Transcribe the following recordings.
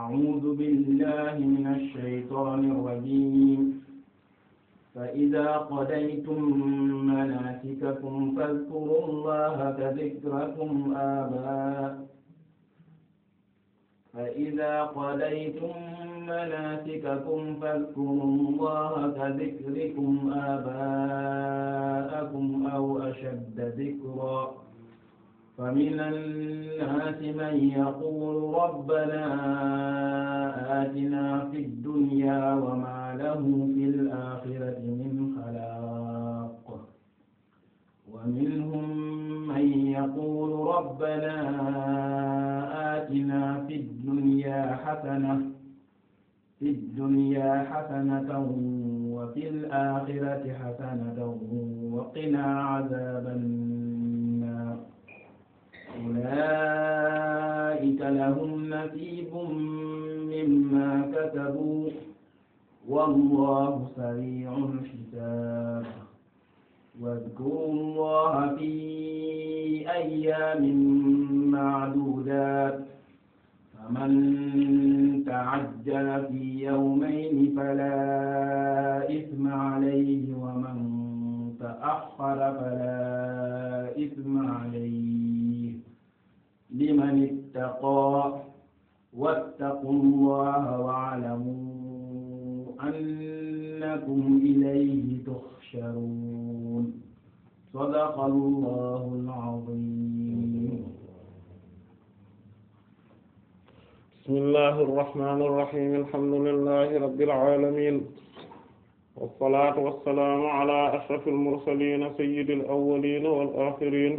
أعوذ بالله من الشيطان الرجيم فإذا قضيتم مناسككم فاذكروا الله كذكركم آباءكم فإذا قضيتم مناسككم فاذكروا الله كذكركم آباءكم أو أشد ذكرًا فمن الناس من يقول ربنا آتنا في الدنيا وما له في الآخرة من خلاق ومنهم من يقول ربنا آتنا في الدنيا حسنة في الدنيا حسنة وفي الآخرة حسنة وقنا عذاب النار أولئك لهم نصيب مما كسبوا والله سريع الحساب واذكروا الله في أيام معدودات فمن تعجل في يومين فلا إثم عليه ومن تأخر فلا إثم عليه لمن اتقى واتقوا الله واعلموا أنكم إليه تحشرون صدق الله العظيم بسم الله الرحمن الرحيم الحمد لله رب العالمين والصلاة والسلام على أشرف المرسلين سيد الأولين والآخرين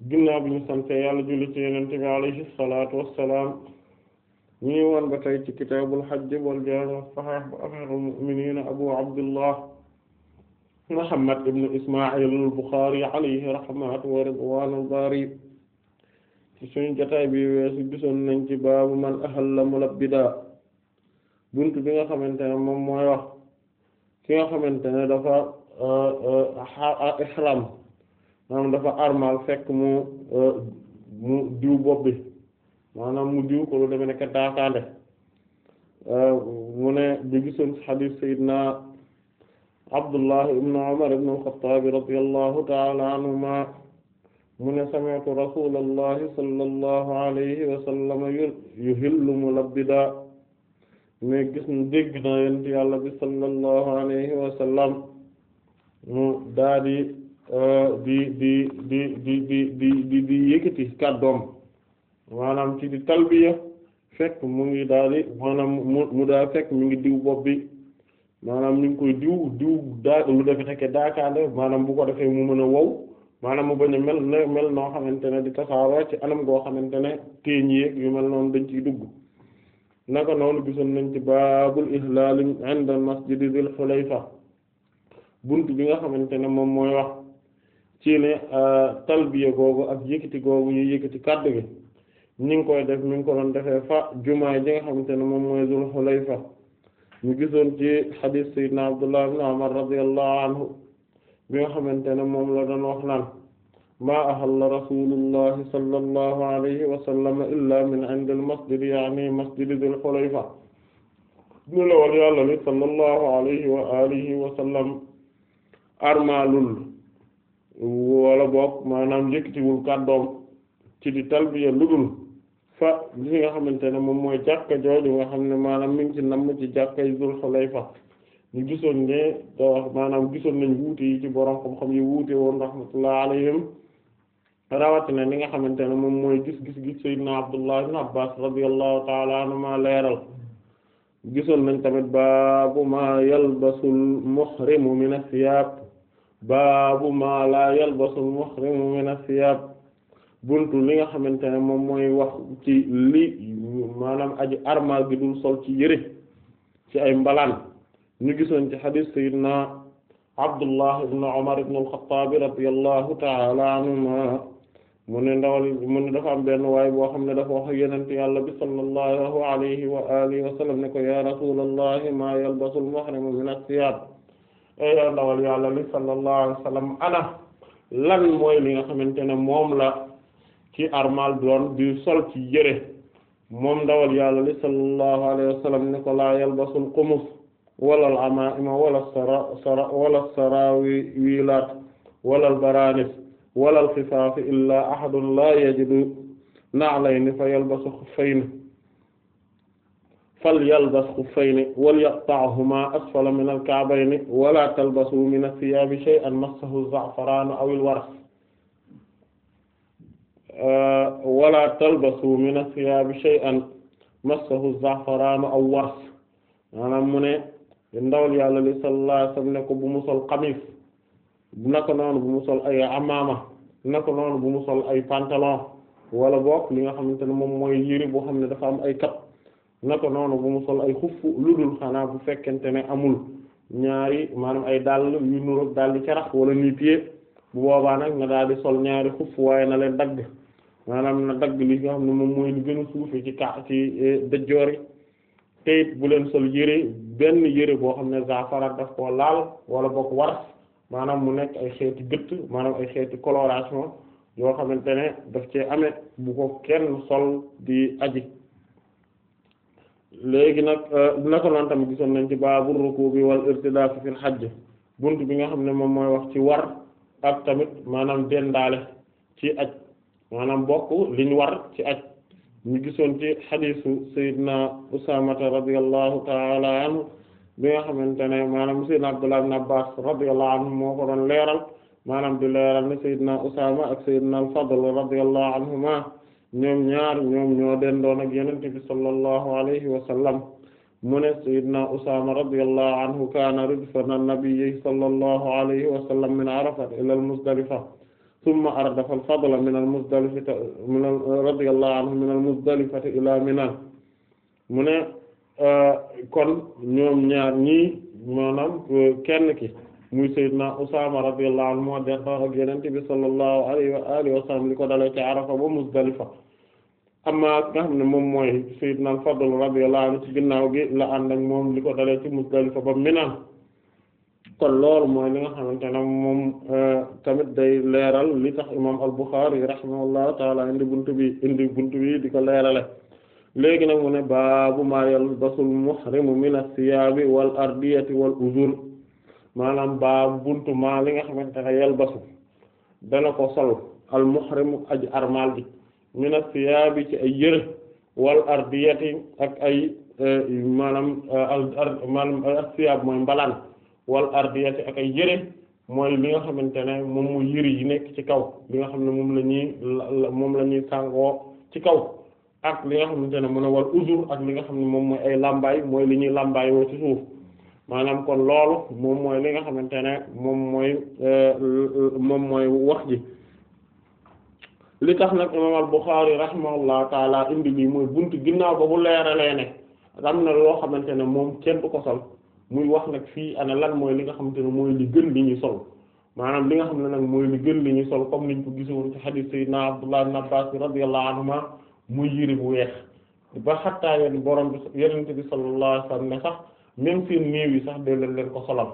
ginnaaw bu ñu sante yàlla julli ci yonent bi alayhi salaatu wassalaam ñu ngi woon ba tey ci kitaabul hajj wal jaami' as-sahiih ba amiirul mu'miniin abu abdullah muhammad ibn isma'il al-Bukhari alayhi rahmatu wa ridwaanul baari ci suñu jotaay bi weesu gisoon nañ ci baabu man ahalla mulabbidaa buntu bi nga xamante ne moom mooy wax ki nga xamante ne dafa ah, ah, ah, ihraam maanaam dafa armal fekk mu euh, mu diw bopp mu diw ko lu demee nekk daakaande euh, mu ne bi gisoon xadiis Abdullah ibn Umar ibn al-Khattab radiyallahu ta'ala anhuma mu ne sami'tu rasulallahi sallallahu alayhi yuhillu mulabbida mais gis na dégg na yent yàlla bi sallallahu alayhi mu daadi Euh, di di di di di di di di yëkkati kàddoom maanaam ci di talbiya fekk mu ngi daal di maanaam mu mu daal fekk mu ngi diw bopp bi maanaam ñu ngi koy diw diw daa lu defe nekke daakaande maanaam bu ko defee mu mën a wow maanaam mu bañ a mel ne mel noo xamante ne di tasaaroo ci anam goo xamante ne téeñ yeeg yu mel noonu dañ ciy dugg naka noonu gisoon nañ ci baabul ihlaal inda masjid dil xulayfa bunt bi nga xamante ne moom mooy wax ci ne euh, talbiya googu ak yëkkati googu ñu yëkkati kàddu gi ñi ngi koy def mi ngi ko doon defee fa ji nga xamante ne moom mooy Zul Xulayfa ñu gisoon ci xadiis Seydina Abdullah ibn Umar radiyallahu anhu bi nga xamante ne moom la doon wax naan maa ahalla rasulullahi sallallahu alayhi wa sallam illa min indi al masjid yaani masjid Zul la war yàlla li sallallahu alayhi wa alihi wa sallam wala boog maanaam yëkkatiwul kàddoom ci di talbiya ludul fa li nga xamante ne moom mooy jàkka jooju nga xam ne maanaam mi ngi ci namm ci jàkkay Zul Xulayfa ñu gisoon ne maanaam gisoon nañ wuute yi ci borom xam-xam yi wuute woon rahmatullah alayhim rawatina li nga xamante ne moom mooy gis-gis gi Seydina Abdullah ibn Abbas radiyallahu ta'ala anhuma leeral gisoon nañ tamit baabu ma yalbasul muhrimu min as-siyaab baabu ma la yalbasul muhrimu min as-siyab buntu li nga xamante ne moom mooy wax ci li maanaam aji armal gi dul sol ci yëre ci ay mbalaan ñu gisoon ci xadiis sayyidina Abdullah ibn Umar ibn al-Khattab radiyallahu ta'ala anhuma mu ne ndawal mu ne dafa am benn waay boo xam ne dafa wax yonent yàlla bi sallallahu alayhi wa alihi wa sallam ne ko ya rasulullah ma yalbasul muhrimu min as yow ndawal yàlla li sallallahu alayhi lan mooy li nga xamante ne moom la ci armal doon di sol ci yére moom ndawal yàlla li sallallahu alayhi wa ko laa yalbasul xumus wala al amaa'ima wala sara wala sarawilaat wala al baraanis wala al xifaafi illaa fa yalbasu xuffayni falyalbas xuffayni walyaqta'humaa asfala min alka'bayni wala talbasu min ath-thiyaabi shay'an massahu az-za'faraanu aw al-waras uh, wala talbasu min ath-thiyaabi shay'an massahu az-za'faraanu aw waras maanaam mu ne ndawal yàlla li sallallahu alayhi wa sallam ne ko bu mu sol xamis naka noonu bu mu sol ay amaama naka noonu bu mu sol ay pantalon wala boog li nga xamante ne moom mooy yëri boo xam ne dafa am ay kat naka noonu bu mu sol ay xuff lu dul xanaa bu fekkente ne amul ñaari maanaam ay dàll yu nuroog dàll carax wala nii pied bu boobaa nag na daal di sol ñaari xuff waaye na leen dagg maanaam na dagg li nga xam ne moom mooy lu gën a suufe ci ka ci eh, dëjjoor yi bu leen sol yére benn yére boo xam ne zafarat daf koo laal wala bokk waras maanaam mu nekk ay xeeti gëtt maanaam ay xeeti coloration yoo xamante ne daf cee amee bu ko kenn sol di aji léegi nag naka euh, noonu tamit gisoon nañ ci baabur rukubi wal irtidaaf fil xaj bunt bi nga xam ne moom mooy wax ci war ak tamit maanaam dendaale ci aj maanaam bokk liñ war ci aj ñu gisoon ci xadiisu sayyidina usaamata radiyallahu ta'ala anhu bi nga xamante ne maanaam sayyidina abdullah ibn abbas radiyallahu anhu moo ko doon leeral maanaam di leeral ne sayyidina usaama ak sayyidina al-fadl radiyallahu anhuma ñoom ñaar ñoom ñoo dendoon ak yonent bi sallallahu alayhi wa mu ne sayyidna Usaama radiyallahu anhu kaana ridfana nabiyyi sallallahu alayhi wa sallam min Arafat ila al-Muzdalifa ardafa al min al ila Mina mu ne euh, kon ñoom ñaar ñii maanaam euh, kenn ki muy sayyidna Usaama radiyallahu anhu moo dexoon ak Yonent bi sallallahu alayhi wa alihi wa sallam li ko dalee ci ba Muzdalifa amma nga xam ne moom mooy sayyidna al-Fadl radiyallahu anhu ci ginnaaw gi la ànd ak moom li ko dalee ci Muzdalifa ba Mina kon loolu mooy li nga xamante ne moom eh, tamit day leeral li sax imaam al-Bukhari rahimahullahu taala indi bunt bi indi bunt bi di ko leerale léegi nag mu ne baabu ma yalbasul muhrimu mina siyaabi wal ardiyati wal uzur maanaam baa buntu maa li nga xamante ne yalbasu dana ko sol al muhrimu aj armal bi mina siyaabi ci ay yëre wal ardiyati ak ay eh, maanaam eh, al maanaam eh, al siyaab mooy mbalaan wal ardiyati ak ay yëre mooy li nga xamante ne moom mu yëri yi nekk ci kaw li nga xam ne moom la ñuy moom la ñuy sàngoo ci kaw ak li nga xamante ne mën a wal uzur ak li nga xam ne moom mooy ay lambaay mooy li ñuy làmbaay woo ci suuf maanaam kon loolu moom mooy li nga xamante ne moom mooy euh, moom mooy wax ji li tax nag imam al-Bukhari rahimahullahu taala indi lii mooy bunt ginnaaw ba bu leeralee ne am na loo xamante ne moom kenn du ko sol muy wax nag fii ana lan mooy li nga xamante ne mooy li gën li ñuy sol maanaam li nga xam ne nag mooy li gën li ñuy sol comme niñ ko gisoon ci hadith sayyidina Abdullah ibn Abbas radiyallahu anhuma muy yëre bu weex ba xattaa yoon borom bi yonent bi sallallahu alayhi wasallam ne sax même seen néew yi sax day leen leen ko solal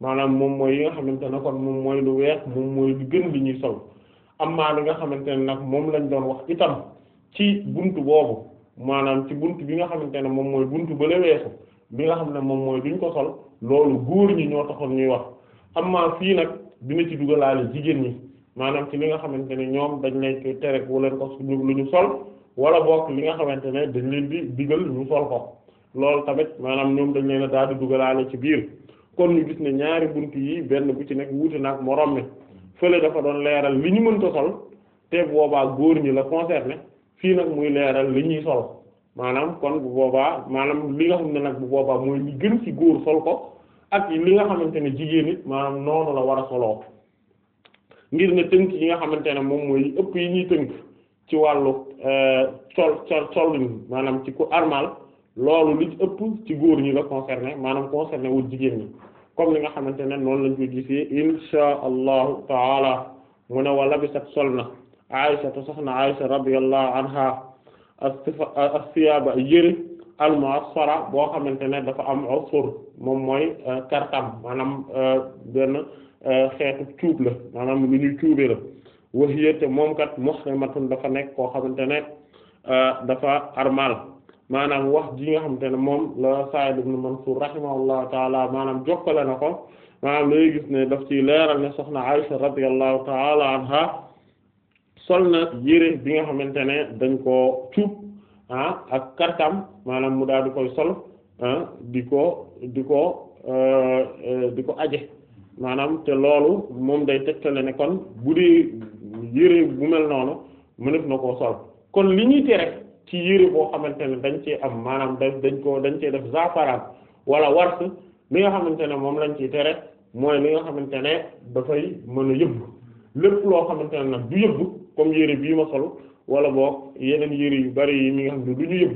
maanaam moom mooy yi nga xamante ne kon moom mooy lu weex moom mooy lu gën li ñuy sol amaa li nga xamante ne nag moom lañ doon wax itam ci buntu boobu maanaam ci buntu bi nga xamante ne moom mooy buntu bële weesu bi nga xam ne moom mooy duñ ko sol loolu góor ñi ñoo taxoon ñuy wax amaa fii nag dina ci dugalaale jigéen ñi maanaam ci li nga xamante ne ñoom dañ leen koy tere wala ko lu ñu sol wala bokk li nga xamante ne dañ leen di digal ñu sol ko. loolu tamit maanaam ñoom dañ leen a daal di dugalaale ci biir kon ñu gis ne ñaari bunt yi benn bu ci nekk wuute nag moroom mi fële dafa doon leeral li ñu mënta sol te boobaa góor ñi la concerné fii nag muy leeral li ñuy sol maanaam kon bu boobaa maanaam li nga xam ne nag bu boobaa mooy li gën ci góor sol ko ak li nga xamante ne jigéen it maanaam noonu la war a soloo ngir ne tënk yi nga xamante ne moom mooy ëpp yi ñuy tënk ci wàllu euh, sol sol solin maanaam ci armal loolu li ëpp ci góor ñi la concerné maanaam concerné wul jigéen ñi comme li nga xamante ne noonu lañ koy gisee insha allahu taala mu ne wala bi sat sol na Aisha te soxna Aisha radiyallahu anha as yëre al-mu'assara boo xamante ne dafa am usfur moom mooy euh, kartam maanaam euh, benn euh, xeetu cuub la maanaam lu ñuy cuube la te moom kat muhrimatun dafa nekk koo xamante ne dafa armal maanaam wax ji nga xamante ne moom la Sa'id ibn Mansur rahimahullahu taala maanaam jokkale na ko maanaam lay gis ne daf ci leeral ne soxna Aisha radiyallahu taala anha sol na yére bi nga xamante ne dañ ko cuub ah ak kartam maanaam mu daal di koy sol ah, di ko di ko euh, di ko aje maanaam te loolu moom day tegtale ne kon bu dee yére bu mel noonu mënef na koo sol kon li ñuy tere ci yére boo xamante ne dañ cee am maanaam dañ dañ ko dañ cee def zafaran wala wars li nga xamante ne moom lañ ciy tere mooy li nga xamante ne dafay mën a yëbb lépp loo xamante ne nag du comme yére bii ma sol wala boog yeneen yére yu bari yi mi nga xam ne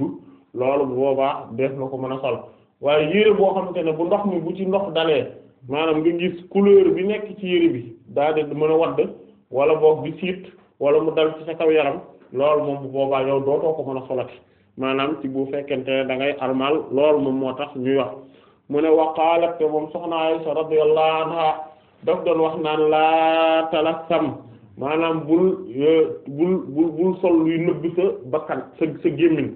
loolu boobaa def na ko mën a sol waaye yére boo xamante ne bu ndox mi bu ci ndox dalee maanaam nga gis couleur bi nekk ci yére bi daa de mën a wadd wala boog bi siit wala mu dal ci sa kaw yaram loolu moom bu boobaa yow dootoo ko mën a solati maanaam ci bu fekkente ne da ngay armal loolu moom moo tax ñuy wax mu ne waqaalat te moom soxna Aysa radiyallahu anha daf doon wax naan laa talassam maanaam e, bul sol luy nëbb sa bakkan sa sa gémmiñ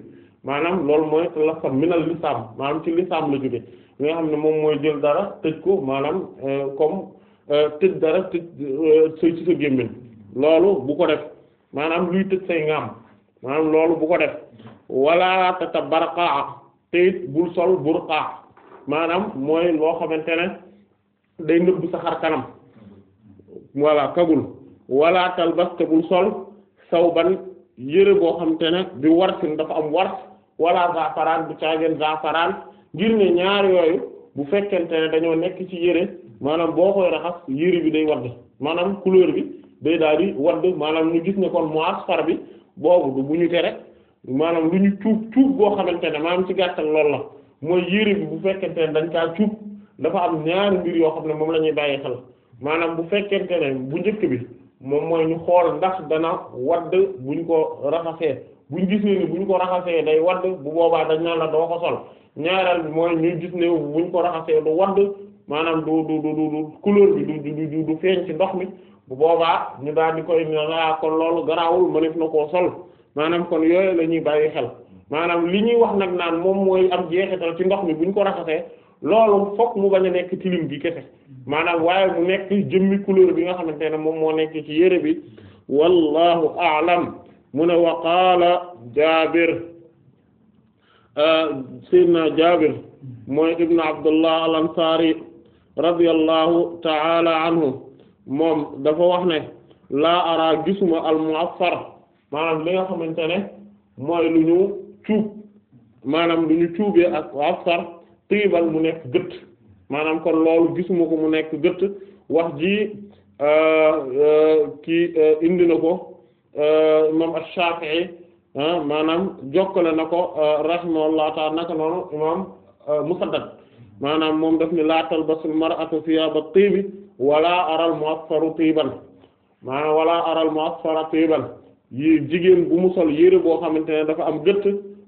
maanaam loolu mooy talassam minal lisaam maanaam ci li lisaam la jóge li nga xam ne moom mooy jël dara tëj ko maanaam e, comme e, tëj dara tëj ci sa gémmiñ loolu bu ko def maanaam luy tëj say ngaam maanaam loolu bu ko def wala tata barqaa te it bul sol burqaa maanaam mooy loo xamante ne day nëbb sa kanam wala kagul wala talbas te bul sol sawban yére boo xamante ne bi warsin dafa am wars wala zafaraan bu caageen zafaraan ngir ne ñaar yooyu bu fekkente ne dañoo nekk ci yére maanaam boo koy raxas yëre bi day wadd maanaam couleur bi day daal di wadd maanaam ñu gis ne kon mu'asfar bi boobu du bu ñu tere maanaam lu ñu cuub cuub boo xamante ne maanaam ci gàttal loolu la mooy yére bi bu fekkente ne dañ kaa cuub dafa am ñaari mbir yoo xam ne moom la ñuy bàyyi xel maanaam bu fekkee ne bu njëkk bi moom mooy ñu xool ndax dana wadd buñ ko raxasee buñ gisee ne buñ ko raxasee day wadd bu boobaa dañ naa la doo ko sol ñaareel bi mooy ñu gis ne buñ ko raxasee du wadd maanaam du du du du du du du feeñ ci ndox mi bu boobaa ñu daal di koy ñëwaat ah kon loolu garaawul mëneef na koo sol maanaam kon yooyu lañuy ñuy xel maanaam li ñuy wax nag naan moom mooy am jeexital ci ndox mi bu ñu ko raxasee loolu fokk mu bañ a nekk tilim gi kese maanaam waaye mu nekk jëmmi couleur bi nga xamante ne moom moo nekk ci yére bi wallahu a'lam mu ne wa qaala Jaabir euh, Seydina Jaabir mooy ibnu anhu moom dafa wax ne laa ara gisuma al mu'affar maanaam li nga xamante ne mooy lu ñu cuub maanaam lu ñu cuubee ak mu'affar tiibal mu nekk gët maanaam kon loolu gisuma ko mu nekk gët wax ji euh, euh, kii euh, indi na ko imam ash-Shafi'i maanaam jokkale na ko rahimahullahu ta'ala naka noonu imam Musaddad maanaam moom daf ni laa talbasul mar'atu thiyaaba tiibi walaa aral mu'assaru tiiban maanaam walaa aral mu'assara tiiban yi jigéen bu mu sol yére boo xamante ne dafa am gëtt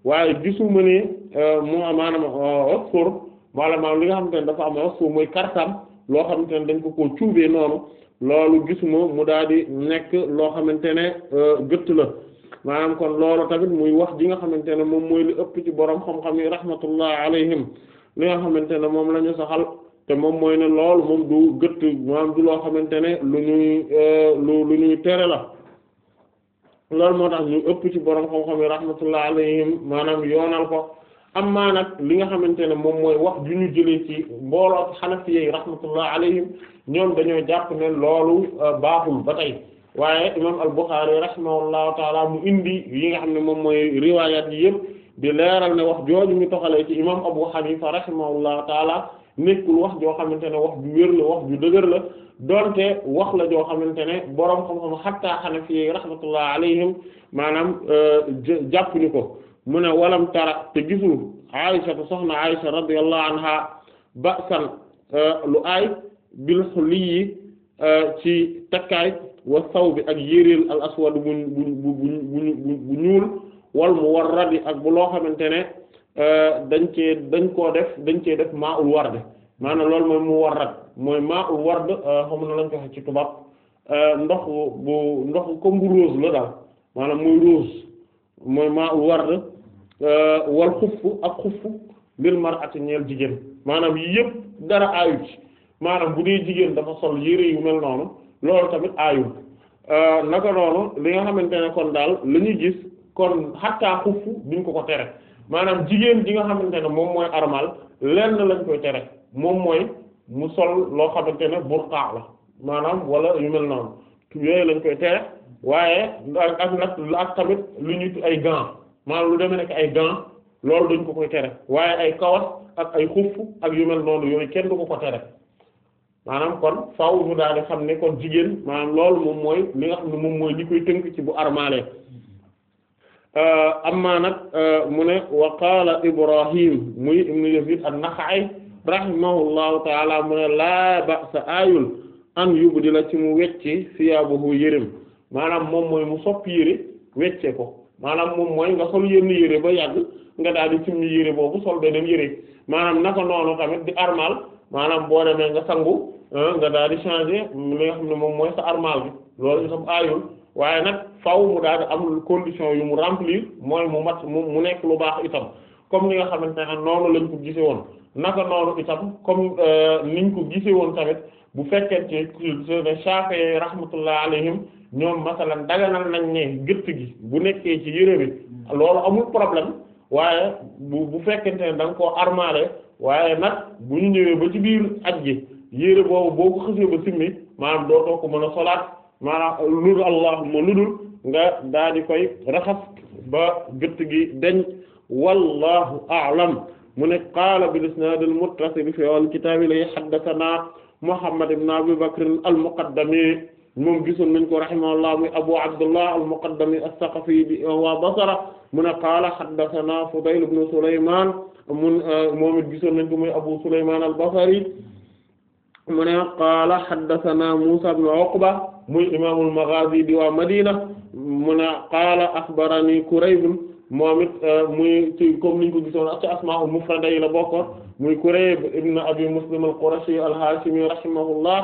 waaye gisuma ne euh, mu maanaam euh, osfor maanaam li nga xamante ne dafa am osfor mooy kartam loo xamante ne dañ ko koo cuubee noonu loolu gisuma mu daal di nekk loo xamante ne euh, gëtt la maanaam kon loolu tamit muy wax ji nga xamante ne moom mooy li ëpp ci borom xam-xam yi rahmatullah alayhim li nga xamante ne moom la ñu saxal te moom mooy ne loolu moom du gëtt maanaam du loo xamante ne lu ñuy euh, lu lu ñuy tere la loolu moo tax ñu ëpp ci borom xam-xam yi rahmatullah alayhim maanaam yoonal ko nag li nga xamante ne moom mooy wax ju ñu ci mbooloo xanafi yi rahmatullah alayhim ñoom dañoo jàpp ne loolu euh, baaxul ba tey waaye imam al-Bukhari rahimahullahu taala mu indi yi nga xam ne moom mooy riwayat yi yëpp di leeral ne wax jooju ñu toxalee ci imam Abu Hanifa rahimahullahu taala nekkul wax joo xamante ne wax ju wér la wax ju dëgër la donte wax la joo xamante ne boroom xam-xam xattaa Hanafi yi rahmatullah alayhim maanaam euh, jàpp ko mu ne walam tara te gisul Aisha te soxna Aisha radiyallahu anha ba'san euh, lu aay bil hulyi euh, ci takkaay wa saw bi ak yéreel al aswad bu bu bu bu bu ñuul wal muwarradi ak bu loo xamante ne Euh, dañ cee dañ koo def dañ cee def maa ul ward maanaam loolu mooy mu warrat mooy maa ul ward euh, xam na lañ ko wax ci tubaab euh, ndox bu ndox comme bu rose la daal maanaam muy rose mooy maa ul ward wal xuff ak xuff lil mar'ati ñeel jigéen maanaam yii yëpp dara aayu ci maanaam bu dee jigéen dafa sol yére yu mel noonu loolu tamit aayul naka noonu li nga xamante ne kon daal la ñuy gis kon xattaa xuff duñ ko ko tere maanaam jigéen ji nga xamante ne moom mooy armal lenn lañ koy tere moom mooy mu sol loo xamante ne burqa la maanaam wala yu noonu yooyu lañ koy tere waaye ak nag ak tamit lu ñu ay gants maanaam lu demee nekk ay gants loolu dañ ko koy tere waaye ay kawas ak ay xuff ak yu mel noonu yooyu kenn du ko ko tere maanaam kon faaw ñu daal di xam ne kon jigéen maanaam loolu moom mooy li nga xam ne moom mooy li koy tënk ci bu armalee Euh, amma nag euh, mu ne wa qaala Ibrahim muy ibnu a an-Nakha'i rahimahullahu ta'ala mu ne laa ba'sa aayul an yubdila ci mu wecci siyaabahu yërëm maanaam moom mooy mu soppi yëre wecce ko maanaam moom mooy nga sol yenn yëre ba yàgg nga daal di simmi yëre boobu sol beneen yëre maanaam naka noonu tamit di armal maanaam boo demee nga sangu euh, nga daal di changer li nga xam ne moom mooy sa armal bi loolu itam aayul waaye nag faaw mu daal di am condition yu mu remplir mooy mu mat mu mu nekk lu baax itam comme ni nga xamante ne noonu lañ ko gise woon naka noonu itam comme euh, niñ ko gise woon tamit bu fekkente ne Shafi'i rahmatullah alayhim ñoom masalan daganal nañ ne gëtt gi bu nekkee ci yére bi loolu amul problème waaye bu bu fekkente ne da nga koo armaale waaye nag bu ñu ñëwee ba ci biir at gi yére boobu boo ko xësee ba simmi maanaam dootoo ko mën a solaat maanaam lu dul allahumma lu dul nga daa di koy raxas ba gëtt gi deñ wallahu a'lam mu ne qaala bil isnaad al muttasil fi al kitaab li haddathanaa muhammad ibn abi bakr al muqaddami moom gisoon nañ ko rahimahullah muy abu abdullah al muqaddami as-saqafi bi waa basra mu ne qaala haddathanaa fudayl ibn sulaymaan mun moom it gisoon nañ ko muy abu sulaymaan al basri mu ne qaala xaddathana Muusaa ibn Uqba muy imaamul Maghaazi di waa Madina mu ne qaala axbarani Kurayb moom it euh, muy ci comme niñ ko gisoon ak ci asmaa'ul mufrada yi la bokkoon muy Kurayb ibn Abi Muslim al-Qurashi al-Haashimi rahimahullah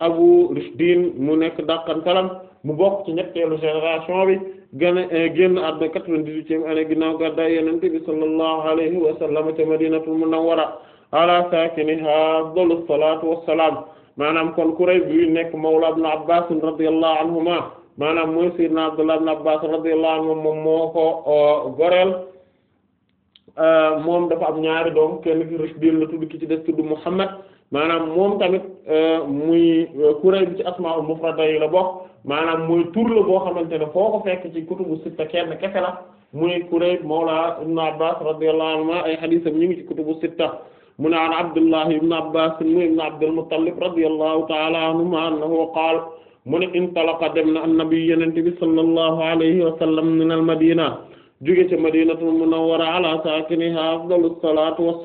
Abu Rishdin mu nekk dàqantalam mu bokk ci ñetteelu génération bi gen a euh, génn àdduna quatre-vingt-dix-huitième année ginnaaw gàddaay Yonent bi sallallahu alayhi wa mu ca Madinatul ala saakiniha afdalu salaatu wassalaam maanaam kon Kurayb bi nekk mawla ibn Abbaas radiyallahu anhuma maanaam mooy sayyidna Abdullah ibn Abbaas radiyallahu anhuma moom moo ko goreel euh, moom dafa am ñaari doom kenn ki la tudd ki ci des tudd Muhammad maanaam moom tamit euh, muy euh, Kurayb bi ci asmaa'ul mufrada yi la bokk maanaam muy tur la boo xamante ne foo ko fekk ci kutubu sitta kenn kese la muy Kurayb mawla ibn Abbaas radiyallahu anhuma ay hadiisam ñu ngi ci kutubu sitta mu ne an abdullahi ibn abbas mu ibn abdul muttalib radiyallahu ta'ala anhuma annahu qaal mu ne intalaqa dem na annabi yenente bi sallallahu alayhi wa sallam min al madina jóge ca madinatul munawwara ala saakiniha afdalu salatu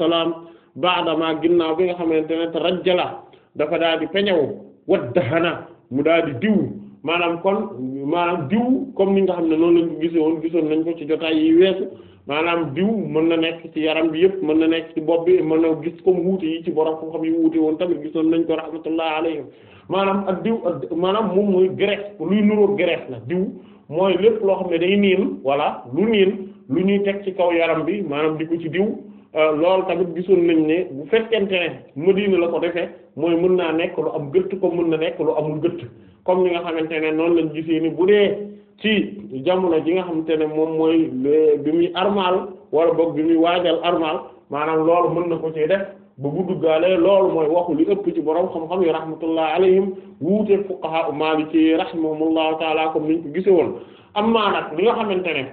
baadama ginnaaw bi nga xam ne te rajjala dafa daal di peñaw waddahana mu daal di diw maanaam kon maanaam diw comme ni nga xam ne noonu lañ ko gisoon gisoon nañ ko ci jotaay yi weesu maanaam diw mën na nekk ci yaram bi yëpp mën na nekk ci bopp bi mën na gis comme wuute yi ci borom xam-xam yi wuute woon tamit gisoon nañ ko rahmatullah alayhim maanaam ak diw maanaam moom mooy graisse luy nuroo graisse la diw mooy lépp loo xam ne day niin voilà lu niin lu ñuy teg ci kaw yaram bi maanaam di ko ci diw euh, loolu tamit gisoon nañ ne bu fekkente ne Madina la ko defee mooy mën naa nekk lu am gëtt comme mën na nekk lu amul gëtt comme ni nga xamante ne noonu lañ gisee ni bu dee ci jamono ji nga xamante ne moom mooy bi muy armal wala boog bi muy waajal armal maanaam loolu mën na ko ci def ba bu duggaale loolu mooy waxu li ëpp ci borom xam-xam yi rahmatullah alayhim wuute fuqaha maliki rahimahumullahu taala comme niñ ko gise woon amma nag li nga xamante ne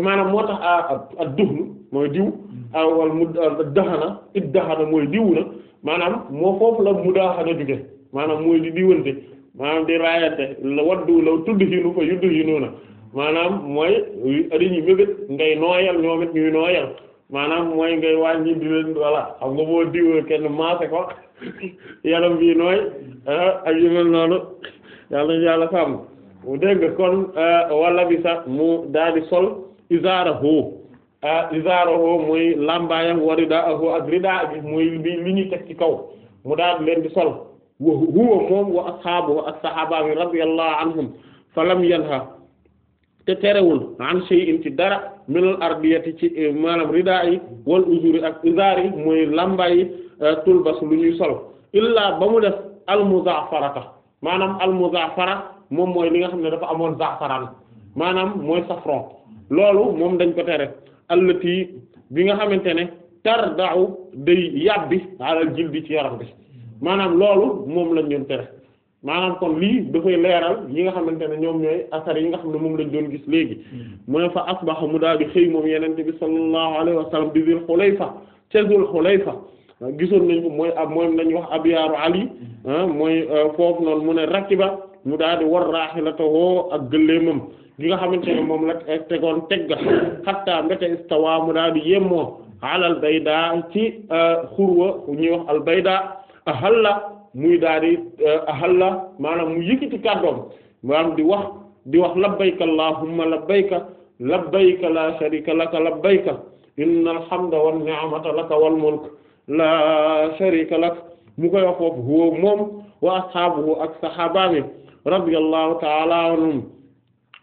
maanaam moo tax ak ah, duxnu mooy diw ah, wala mu ah, daxana it daxana mooy diw maanaam moo foofu la mu daaxana jóge maanaam mooy di diwante maanaam di raayante waddu la tudd hinu fa yuddu hinu na maanaam mooy dañuy mébét ngay nooyal ñoom it ñuy nooyal maanaam mooy ngay wàññi di leen voilà xam nga boo diw kenn maase ko yaram bi nooy ah, ak yu mel noonu yàlla yàlla sàmm dégg kon ah, wala bi sax mu daal di sol izaarahu ah, izaarahu muy làmbaayam wa ridaahu ak ridaa bi muy li ñuy teg ci kaw mu daal leen di sol wa huwa moom wa asxaabu ak saxaaba mi radiyallahu anhum falam yanha te terewul an shay'in ci dara minal ardiyati ci eh, maanaam ridaa yi wal uzuri ak uzaar yi mooy làmbaay eh, tulbas lu ñuy sol illaa ba mu def almuzafarata maanaam almuzafara moom mooy li nga xam ne dafa amoon zafaraan maanaam mooy safron loolu moom dañ ko tere allati bi nga xamante ne tar daaw day yàbbi alal jildi ci yaram bi maanaam loolu moom lañ doon tere maanaam kon lii dafay leeral yi nga xamante ne ñoom ñooy asar yi nga xam ne moom lañ doon gis léegi hmm. mu ne fa asbaha mu daal di xëy moom yenente bi sallallahu alayhi wa sallam bi Zul Xulayfa ca Zul Xulayfa gisoon nañ ko mooy ab mooy nañ wax abyaaru ali hmm. ah, mooy euh, foofu mu ne rakiba daal di war raaxilatawoo ak gëléemam gi nga xamante ne moom la tegoon tegga xatta mbéte istawa mu daal di yemmoo alal bayda ci euh, xurwa ñuy wax al bayda ahalla muy daal di eh, ahalla maanaam mu yëkkati kàddoom maanaam di wax di wax labbayka allahumma labbayka labbayka la sharika laka labbayka innal hamda wan ni'mata laka wal mulk la sharika lak mu koy wax foofu huwa moom wa ashaabuhu ak sahabaami radiyallahu ta'ala anhum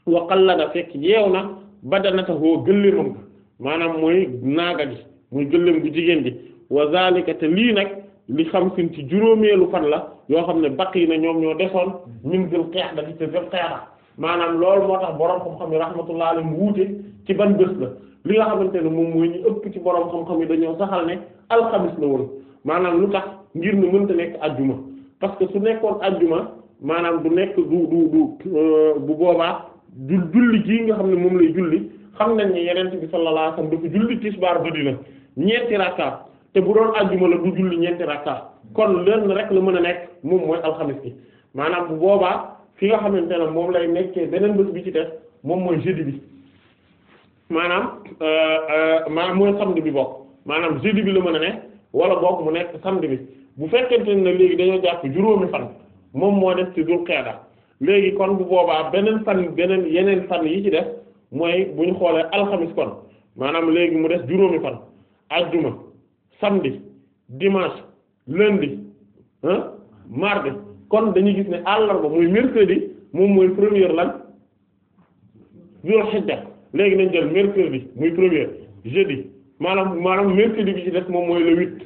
wa qallada fekk yeew na badanatahu gëllimam maanaam mooy naaga gi muy gëllim gu jigéen gi wa zalika te lii nag li xam sin ci juróomeelu fan la yoo xam ne baq yi na ñoom ñoo desoon min zil xeex da ci te zil xeexa maanaam loolu moo tax boroom xam-xam yi rahmatullah alayhi mu wuute ci ban bés li nga xamante ne moom mooy ñu ëpp ci boroom xam-xam yi dañoo saxal ne alxamis la woon maanaam lu tax ngir ne mënta nekk ajjuma parce que su nekkoon ajjuma maanaam du nekk du du du euh, bu boobaa du julli gii nga xam ne moom lay julli xam nañ ne yeneen bi sallallahu am wasallam dafa julli tisbaar ba dina ñeenti rakkaat te bu doon àjjuma la du julli ñeenti rakka kon lenn rek la mën a nekk moom mooy alxamis bi maanaam bu boobaa fi nga xamante ne moom lay nekkee beneen bés bi ci def moom mooy jeudi bi maanaam euh, euh, maanaam mooy samedi bi bokk maanaam jeudi bi la mën a ne wala bokk mu nekk samedi bi bu fekkente ne léegi dañoo jàpp juróomi fan moom moo def ci dul xeeda léegi kon bu boobaa beneen fan beneen yeneen fan yi ci def mooy bu ñu xoolee alxamis kon maanaam léegi mu des juróomi fan ajjuma samedi dimanche lundi ah kon dañuy gis ne àllarba muy mercredi moom mooy première lan Dul Hijja léegi nañ jël mercredi muy première jeudi maanaam maanaam mercredi bi ci des moom mooy le huit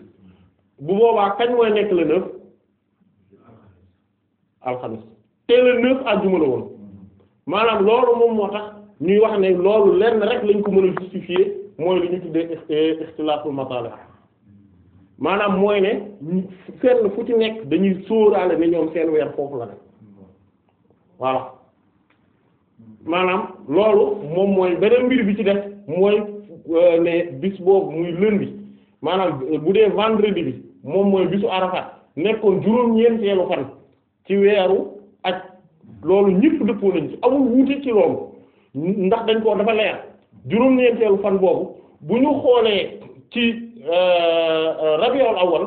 bu boobaa kañ mooy nekk le neuf alxamis te le neuf àjjuma la woon maanaam loolu moom moo tax ñuy wax ne loolu lenn rek lañ ko mën a justifier mooy li ñu tuddee ixtilaaful masaalih maanaam mooy ne fenn fu ci nekk dañuy sóoraale ne ñoom seen weer foofu la ne voilà maanaam loolu moom mooy beneen mbir bi ci def mooy euh, ne bis boobu muy lundi maanaam euh, bu dee vendredi bi moom mooy bisu Arafat nekkoon juróom-ñeenteelu fan ci weeru ak loolu ñëpp dëppoo amul wuute ci loolu ndax dañ koo dafa leer juróom-ñeenteelu fan boobu bu ñu xoolee ci Euh, euh, rabiul awwal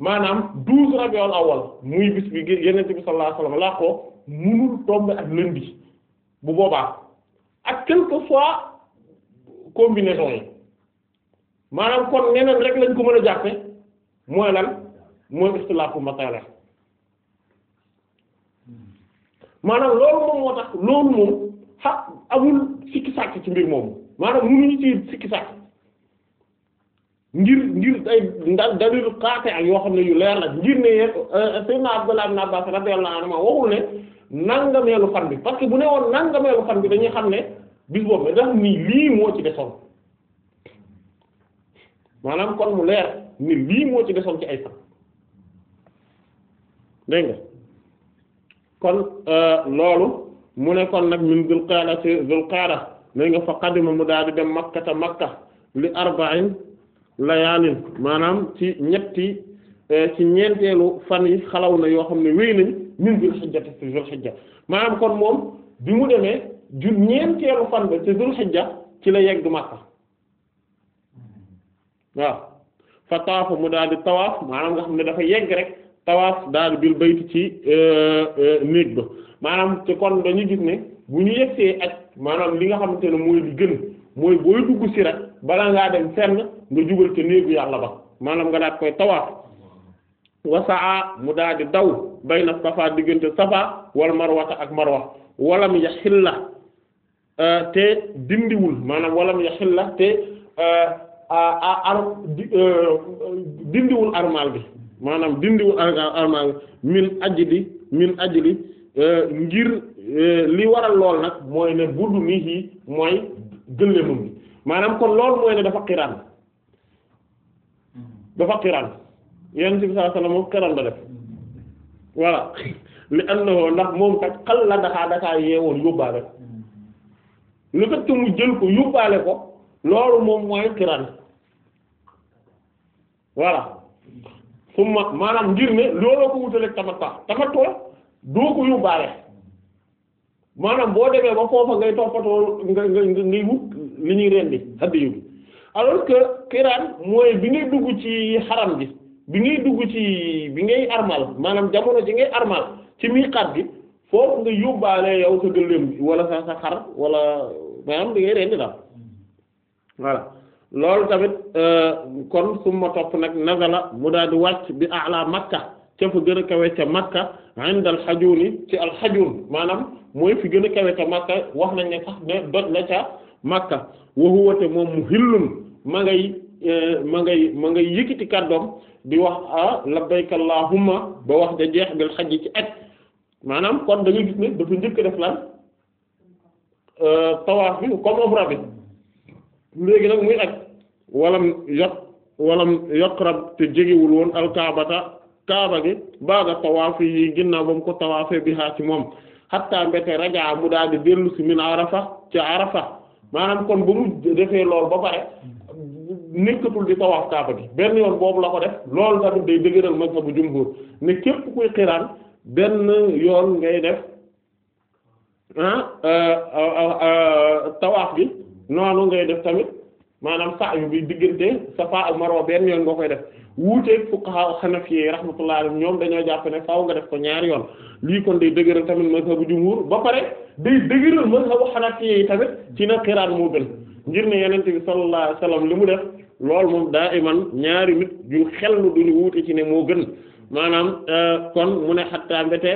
maanaam douze rabiul awwal muy bis bi yeneen bi sallallahu alayhi laa ko munul tomber ak lundi bu boobaa ak quelque soit combinaison yi maanaam kon neneen rek lañ ko mën a jàppe mooy lan mooy istilaafu matala maanaam loolu moom moo tax loolu moom xa amul sikki sàkk ci mbir moomu maanaam munuñu ci sikki sàkk ngir ngir ay da dalilu xaate ak yoo xam ne yu leer la ngir ne yéen eh, Seydina Abdullah ibn Abbas radiyallahu anhu waxul ne nangameelu fan bi parce que bu ne woon nangameelu fan bi dañuy xam ne bis boobu da ni lii moo ci desoon maanaam kon mu leer ni lii moo ci desoon ci ay fan dégg kon eh, loolu mu ne kon nag min Dul Qaada ci Dul nga fa qadima mu daal di dem Makkata Makka li arba'in layaalin maanaam ci ñetti eh, ci ñeenteelu fan yi xalaw na yoo xam ne wéy nañ min dul xijja te dul xijja maanaam kon moom bi mu demee ju ñeenteelu fan ba ci dul xijja ci la yegg Makka waaw fa taafa mu daal di tawaaf maanaam nga xam ne dafa yegg rek tawaaf daal bil bayt ci eh, eh, néeg ba maanaam ci kon dañu gis ne bu ñu yegsee ak maanaam li nga xamante ne mooy li gën mooy booy dugg si rek balaa ngaa dem fenn nga jubal ca néegu yàlla ba maanaam nga daat koy tawaaf wasaa mu daal di daw bayna safa diggante safa wal marwata ak marwa walam yaxilla euh, te dindiwul maanaam walam yaxilla te euh, euh, dindiwul armal bi maanaam dindiwul armal min ajli min ajli ngir li waral lool nag mooy ne buddu nii mooy gëléemam maanaam kon loolu mooy ne dafa xiraan mm-hmm. dafa xiraan yonent bi sallallahu alayhi wasallam moom xiraan la def voilà li am na ndax moom kat xal la daxaa daxaa yeewoon yóbbaale mm-hmm. yóbbaale ko loolu moom mooy xiraan voilà summa maanaam ngir ne looloo ko wutaleeg tamattu tamattu doo ko yóbbaale maanaam boo demee ba foofa ngay toppatoo nga nga ngay wut li ñuy rendi hadiyu bi alors que kiraan mooy bi ngay dugg ci xaram bi bi ngay dugg ci bi ngay armal maanaam jamono ji ngay armal ci miiqaat gi foofu nga yóbbaale yow sa gëléem bi wala sa sa xar wala maanaam li ngay rendi daal voilà loolu tamit euh, kon summa topp nag nazala mu daal di wàcc bi ala makka ca fa gën a kawe ca makka ind al ci al maanaam mooy gën a kawe ca makka wax nañ ne sax ne doj la ca makka wa huwa te moom mu xillun ma ngay eh, ma ngay ma ngay yëkkati kàddoom di wax a ah, labbayka allahumma ba wax da jeex bil xaj ci ak maanaam kon da nga gis dafa njëkk def lan eh, tawaaf bi comme umra bi léegi nag muy aj walam yot walam yoqrab te jegewul woon alkaabata kaaba gi baaga tawaaf yi ginnaaw ba mu ko tawaafee bi haa moom hatta mbete rajaa mu daal di dellu si min arafa ci arafa maanaam kon ba mu defee lool ba pare nekkatul di tawaaf kaaba gi benn yoon boobu la ko def loolu tamit day dëgëral mas na bu jumhur ne képp kuy xiraan benn yoon ngay def ah euh, euh, euh, tawaaf bi noonu ngay def tamit maanaam saa yu bi diggante Safa ak Marwa benn yoon nga koy def wuuteeg fuqaha Hanafi rahmatullahi alayhim ñoom dañoo jàpp ne faaw nga def ko ñaari yoon lii kon day dëgëral tamit mazhabu jumhur ba pare day dëgëral mazhabu Hanafiya yi tamit ci na xiraat moo gën ngir ne yenente bi sallallahu alayhi wasallam li mu def loolu moom daa iman ñaari nit yu xellu duñu wuute ci ne moo gën maanaam euh, kon mu ne xattaa mbéte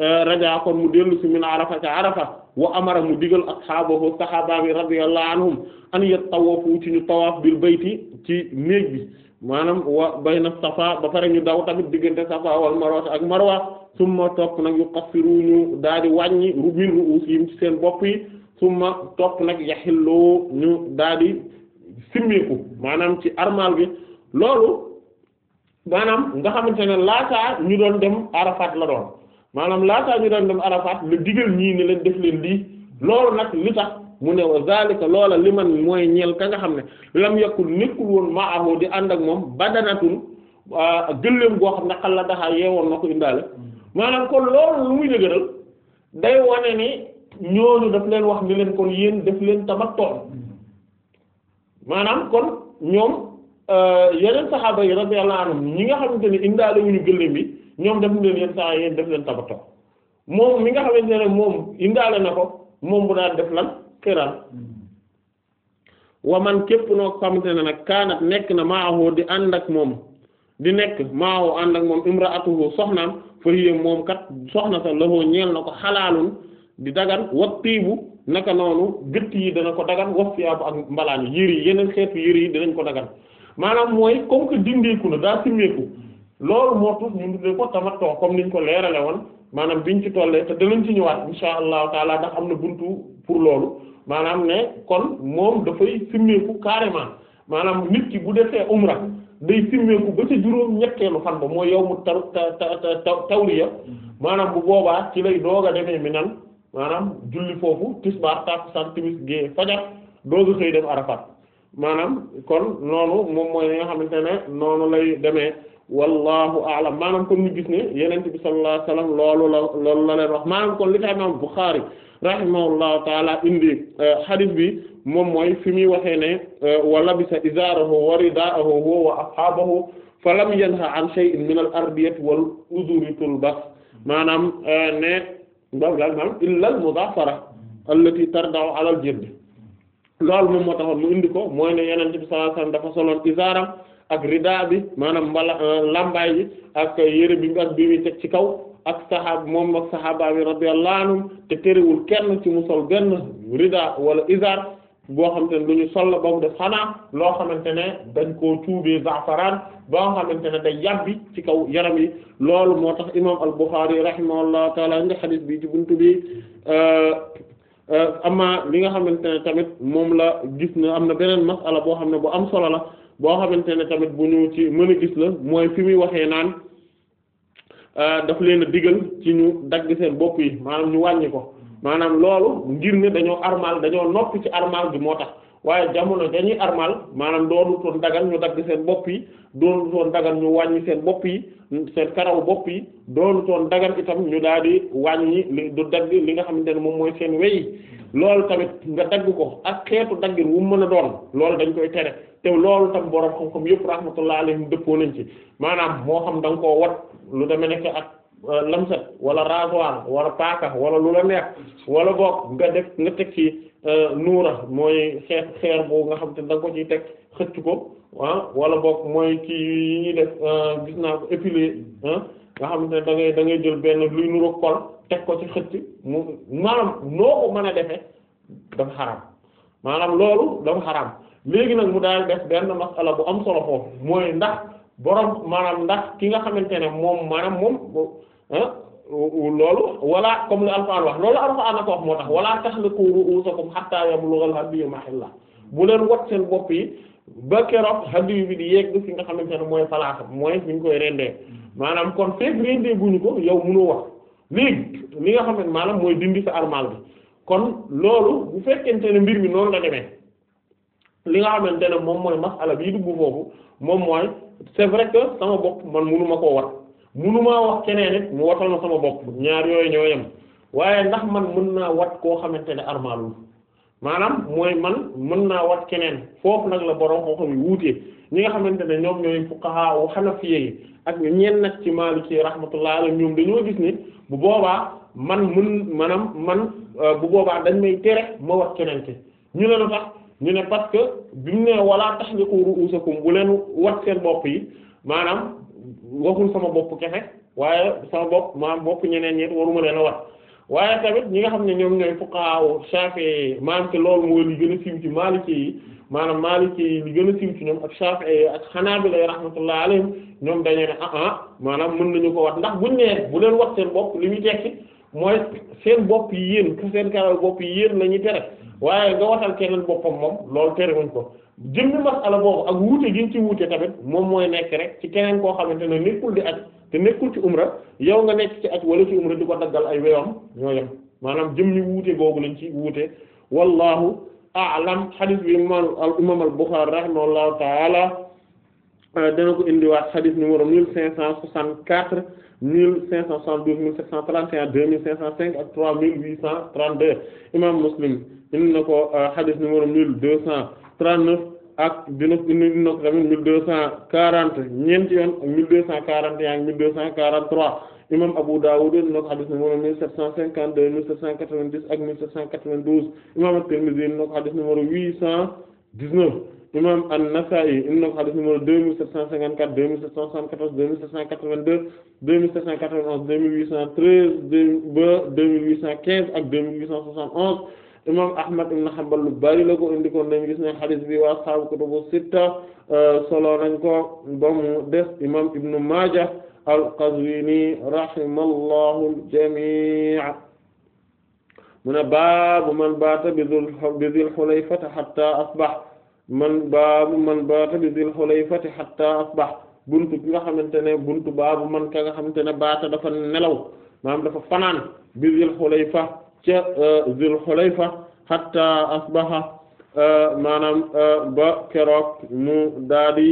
euh, rajaa kon mu dellu si min arafa ca arafa wa amara mu digal asxaabahu saxaabaami radiyallahu anhum an yattawafu ci ñu tawaaf bil bayti ci néeg bi maanaam wa bayna safa ba pare ñu daw tamit diggante safa wal marwa ak marwa summa topp nag yu qasiru ñu daal di wàññi min ruusihim ci seen bopp yi suma topp nag yaxil ñu daal di maanaam ci armal bi loolu maanaam nga xamante ne laataa ñu doon dem arafat la doon maanaam laataa ñu doon dem arafat la digal ñii ne leen def leen lii loolu nag li mu ne wa zalika loola li man mooy ñeel ka nga xam ne lam yakul nekkul woon maahu di ànd ak moom badanatun ah, gëléem goo xam ne xal la daxaa yeewoon na ko indaale mm-hmm. maanaam kon loolu lu muy dëgëral day wane ni ñooñu daf leen wax ni leen kon yéen daf leen tamattoon mm-hmm. maanaam kon ñoom ah, yeneen saxaaba yi radiyallahu anhum ñi nga xamante ne indaale wuñu gëléem bi ñoom daf leen yéen sax yéen daf leen tamattoon moom mi nga xam ne moom indaale na ko moom bu daan def lan xiran wa man képp noo xamante ne nag kaanat nekk na maahu di ànd ak moom di nekk maahu ànd ak moom imraatuhu soxnaam fa hiya moom kat soxna sa lahoo ñeel na ko xalaalun di dagan wat bu naka noonu gëtt yi dana ko dagan wax fiyaabu ak mbalaan yi yëri yi yeneen xeetu yére yi dinañ ko dagan maanaam mooy comme que dindeeku na daa simmeeku loolu moo tax ñu tuddee ko tamattu niñ ko leerale woon maanaam biñ ci tollee te danañ ci ñëwaat insha allahu taala ndax am na buntu pour loolu maanaam ne kon moom dafay simmeeku carrément maanaam nit ki bu defee umra day simmeeku ba ca juróom ñetteelu fan ba mooy yow mu taw taw tawriya maanaam bu boobaa ci lay doog a demee Minan maanaam julli foofu tisbaar takkusaan timis gée fajar doog a xëy dem Arafat maanaam kon noonu moom mooy li nga xamante ne noonu lay demee. wallahu a'lam maanaam kon ñu gis ne yenent bi sallallahu alayhi wasallam loolu la loolu la leen wax maanaam kon li tax imam Bukhari rahimahullahu taala indi euh, hadith bi moom mooy fi muy waxee ne euh, wa labisa izarahu wa ridaahu huwa wa ashabahu fa lam yanha an shay'in min al ardiyati wal uzuri tulbas maanaam euh, ne dal daal maanaam illa al mudafara allati tarda'u ala al jild loolu moom moo taxoon mu indi ko mooy ne yenent bi sallallahu alayhi wasallam dafa soloon izaaram ak rida bi maanaam mbala euh, lambaay bi ak yére bi ak bi muy ci kaw ak saxaab moom ak saxaaba bi radiyallahu anhum te terewul kenn ci mu sol benn rida wala izar boo xamante ne lu ñu sol la ba mu def xanaa loo xamante ne dañ koo cuubee zaafaraan boo xamante ne day yàbbi ci kaw yaram yi loolu moo tax imaam al-Bukhari rahimahullahu taala nga xadis bi ci buntu bi euh, euh, amma li nga xamante ne tamit moom la gis na am na beneen masala boo xam ne bu am solo la boo xamante ne tamit bu ñu ci mën a gis la mooy fi muy waxee naan euh, daf leen a digal ci ñu dagg seen bopp yi maanaam ñu wàññi ko maanaam loolu ngir ne dañoo armal dañoo noppi ci armal bi moo tax waaye jamono dañuy armal maanaam doonu toon dagan ñu dagg seen bopp yi doonu toon dagan ñu wàññi seen bopp yi seen karaw bopp yi doonu toon dagan itam ñu daal di wàññi li du dagg li nga xamante ne moom mooy seen weyi loolu tamit nga dagg ko ak xeetu daggin wu mën a doon loolu dañ koy tere te loolu tam borom xam-xam yëpp rahmatullah alayhim dëppoo nañ ci maanaam moo xam da nga koo wat lu deme nekk ak euh, lamset wala rasoir wala paaka wala lu la neex wala boog nga def nga teg ci Euh, nuura mooy xeet xeer boobu nga xam te da nga ko ciy teg xëcc ko waa ah, wala boog mooy kii yi ñuy def euh, gis naa ko épiler ah, nga xam ne da ngay da ngay jël benn luy nuru kol teg ko ci xëcc mu maanaam noo ko mën a defee dafa xaraam maanaam loolu dafa xaraam léegi nag mu daal def benn masala bu am solo mooy ndax borom maanaam ndax ki nga xamante ne moom maanaam moom ah loolu wala comme la Alxuraan wax loolu Alxuraan na ko wax moo tax wala tahliqu ru'usakum hatta yablugha al-hadyu mahallahu bu leen wat seen bopp yi ba keroog hadyu bi di yegg fi nga xamante ne mooy falaasa mooy fi nga koy rendee maanaam kon fekk rendee guñu ko yow mënoo wax maanaam mooy dindi sa armal bi kon loolu bu fekkente ne mbir mi noonu la demee li nga xamante ne moom mooy masala bii dugg foofu moom mooy c'est que sama bopp man mënu koo wat mënumaa wax keneen it mu watal ma sama bopp ñaar yooyu ñoo yem waaye ndax man mën naa wat koo xamante ne armaalul maanaam mooy man mën naa wat keneen foofu nag la borom koo xam wuutee ñi nga xamante ne ñoom ñooy fuqaha wa hanafiyye yi ak ñeen nag ci maliki rahmatullah alayhi ñoom dañoo gis ni bu boobaa man mën maanaam man euh, bu boobaa dañ may tere ma wat keneen ki ñu ne lu ñu ne parce que bi mu ne wala tahliqu ru'usakum bu leen wat seen bopp yi maanaam waxul sama bopp kese waaye sama bopp maam bopp ñeneen ñett waruma leen a war waaye tamit ñi nga xam ne ñoom ñooy fuqaaw Shafi'i maam te loolu mooy li gën a siiw ci Maliki yi maanaam Maliki yi li gën ak xanaa ak Hanabila rahmatullah alayhim ñoom dañu ne ah ah maanaam mën nañu ko wax ndax buñ nee bu leen wax seen bopp li muy tekki mooy seen bopp yi yéen seen karal bopp yi yéen la ñuy tere waaye nga watal keneen boppam moom loolu terewuñ ko jëmmi ala boobu ak wuute gi ñu ci wuute tamit moom mooy nekk rek ci keneen koo xamante ne nekkul di aj te nekkul ci umra yow nga nekk ci aj wala ci umra di ko daggal ay wewam ñoo yem maanaam jëmmi wuute boobu lañ ci wuute wallahu a'lam xadis bi al imam al Bukhari rahimahullahu taala euh, dana ko indiwaat xadis numéro mille cinq cent soixante quatre mille cinq cent soixante douze mille sept cent trente et un deux mille ak trois mille huit cent trente deux imam Muslim indi na ko euh, xadis numéro mille deux cent 39 ak dina indi na ko tamit 1240 ñeenti yoon ak 1241 ak 1243 imam Abu Dawud indi na ko xadis numéro 1752 1790 ak 1792 imam At-Tirmidhi indi na ko xadis numéro 819. imam an-Nasa'i indi na ko xadis numéro 2754 2774 2782 2791 2813 ba 2815 ak 2871 imam Ahmad ibn Hanbal lu bari la ko indi ko gis ne hadith bi wa ashaabu kutubu sitta euh, solo nañ ko ba mu des imam Ibn Maaja al-Qazwini rahimallahu al-jamii' mu ne baabu man baata bi dhil hulayfati hatta asbah man baabu man baata bi dhil hulayfati hatta asbah buntu bi nga xamante ne buntu baabu man ka nga xamante ne baata dafa nelaw maanaam dafa fanaan bi dhil ca e, Zul Xulayfa hatta asbaha e, maanaam e, ba keroog mu daadi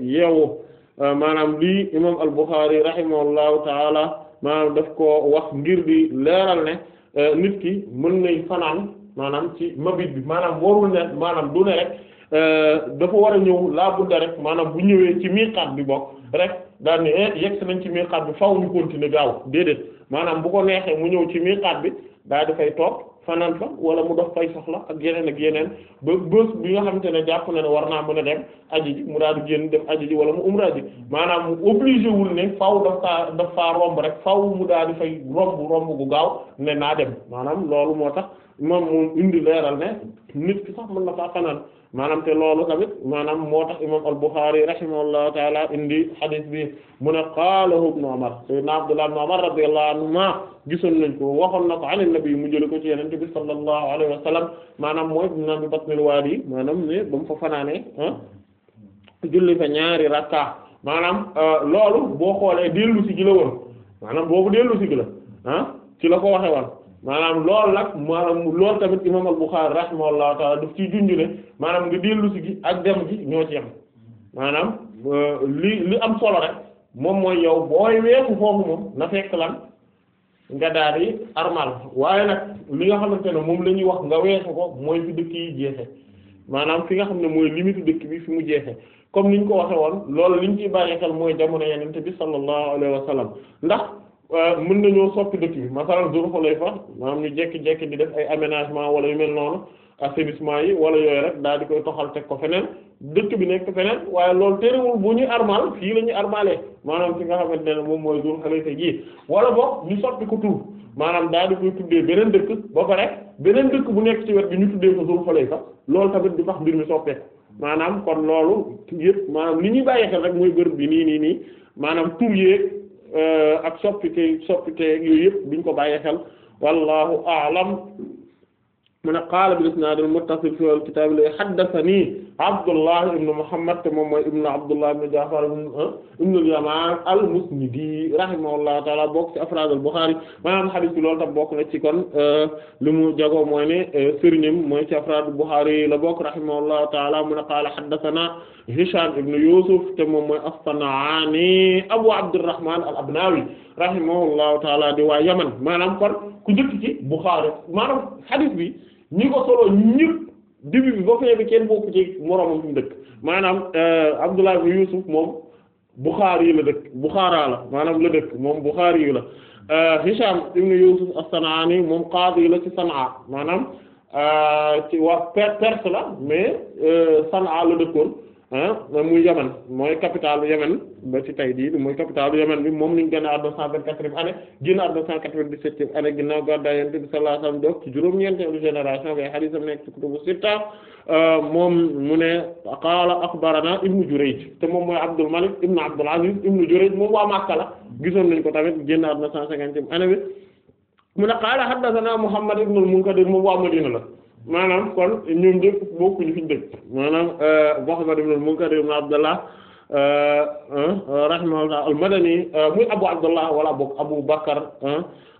yeewu maanaam lii imaam al-Bukhari rahimahullahu taala maanaam daf koo wax ngir di leeral ne nit ki mën nay fanaan maanaam ci mabit bi maanaam warul ne maanaam du ne rek dafa war a ñëw laa budda rek maanaam bu ñëwee ci miiqaat bi bokk rek daal ni eh, nañ ci miiqaat bi faaw ñu continuer gaaw déedéet maanaam bu ko neexee mu ñëw ci miiqaat bi daal di fay toog fanaan fa wala mu dox fay soxla ak yeneen ak yeneen ba bés bi nga xamante ne jàpp na ne war naa mën a dem aji mu daal génn dem aji ji wala mu umra ji maanaam mu obligé wul ne faw daf faa daf fa romb rek faw mu daal di fay romb romb gu gaaw ne naa dem maanaam loolu moo tax moom mu indi leeral ne nit ki sax mën na faa fanaan maanaam te loolu tamit maanaam moo tax imam al-Bukhari rahimahullahu taala indi xadis bi mu ne qaalahu ibnu Umar sayyidina Abdullah ibnu Umar radiyallahu anhuma gisoon nañ ko waxoon na ko na nabi mu jële ko ci yonent bi sallallahu alayhi wa sallam maanaam mooy na bi batnil waadi maanaam ne ba mu fa fanaanee ah, julli fa ñaari rakka maanaam euh, loolu boo xoolee dellu si gi woon maanaam boobu dellu si gi la ah, ci la ko waxe woon maanaam lool nag maanaam lool tamit imam al-Bukhari rahimahullahu taala daf ciy junj ne maanaam nga dellu si gi ak dem gi ñoo ci yem maanaam euh, li li am solo rek moom mooy yow booy weesu foofu moom na fekk lan nga daal di armal waaye nag li nga xamante ne moom la ñuy wax nga weesu ko mooy fi dëkk yi jeexe maanaam fi nga xam ne mooy limite dëkk bi fi mu jeexe comme ni ñu ko waxe woon loolu liñ ciy bàyyi xel mooy jamono yenente bi sallallahu alayhi ndax Euh, mën nañoo soppi dëkk bi masalan Dul Xulayfa maanaam ñu jekki-jekki di def ay aménagement wala yu mel noonu assainissement yi wala yooyu rek daal di koy toxal teg ko feneen dëkk bi nekk feneen waaye loolu terewul bu ñuy armal fii la ñuy armalee maanaam fi nga xamante ne moom mooy Dul Xulayfa jii wala boo ñu soppi ko tur maanaam daal di koy tuddee beneen dëkk ba pare beneen dëkk bu nekk ci wet bi ñu tuddee ko Dul Xulayfa loolu tamit di tax mbir mi soppeeku maanaam kon loolu yëpp maanaam li ñuy bàyyi xel rek mooy bërëb bi nii nii nii maanaam tur Euh, ak soppite soppite yooyu yëpp duñ ko bàyyi xel wallahu a'lam mu ne qaala bil isnaadil muttasil fil kitaab li haddathanii Abdullah ibn Muhammad te moom mooy ibn Abdullah ibn Ja'far ibn al-Yamaan al-Musnidi rahimahullahu ta'aala bokk ci afraad al-Bukhari maanaam hadiis bi loolu tam bokk na ci kon euh, li mu jagoo mooy ne euh, sëriñam mooy ci afraad al-Bukhari la bokk rahimahullahu ta'aala mu ne qaala haddathanaa Hishaam ibn Yuusuf te moom mooy as-San'aani Abu Abdurrahmaan al-Abnaawi rahimahullahu ta'aala di waa Yaman maanaam kon ku njëkk ci Bukhari maanaam hadiis bi. ñi ko solo ñëpp début bi ba fin bi kenn bokku ci moroomam fi mu dëkk maanaam euh, Abdullah ibn Yusuf moom Bukhari la dëkk Bukhara la maanaam la dëkk moom Bukhari yu la euh, Hisham ibn Yusuf as-San'ani moom qaadi la ci San'a maanaam euh, ci waa Perse la mais San'a la dëkkoon muy Yemen mooy capitalu Yemen ba ci tey jii mooy capitalu Yemen bi moom lañ génn àdduna 124e année génn àdduna 197e année ginnaaw gàddaay Yonent bi sallallahu alayhi wasallam dox ci juróom-ñeenteelu génération bi hadiisam nekk ci kutubu sitta euh, moom mu ne qaala axbarana Ibnu Jurayj te moom mooy Abdul Malik ibnu Abdul Aziz Ibnu Jurayj moom waa Makka la gisoon nañ ko tamit génn àdduna 150e année bi mu ne qaala haddathana Muhammad ibnu al-Munkadir moom waa Madina la maanaam kon ñoom ñëpp bokkuñu fi ñu dëkk maanaam euh, Muhammad ibn al-Munkadir ibn Abdullah rahimahullah al-Madani euh, muy Abu Abdullah wala bokk Abu Bakr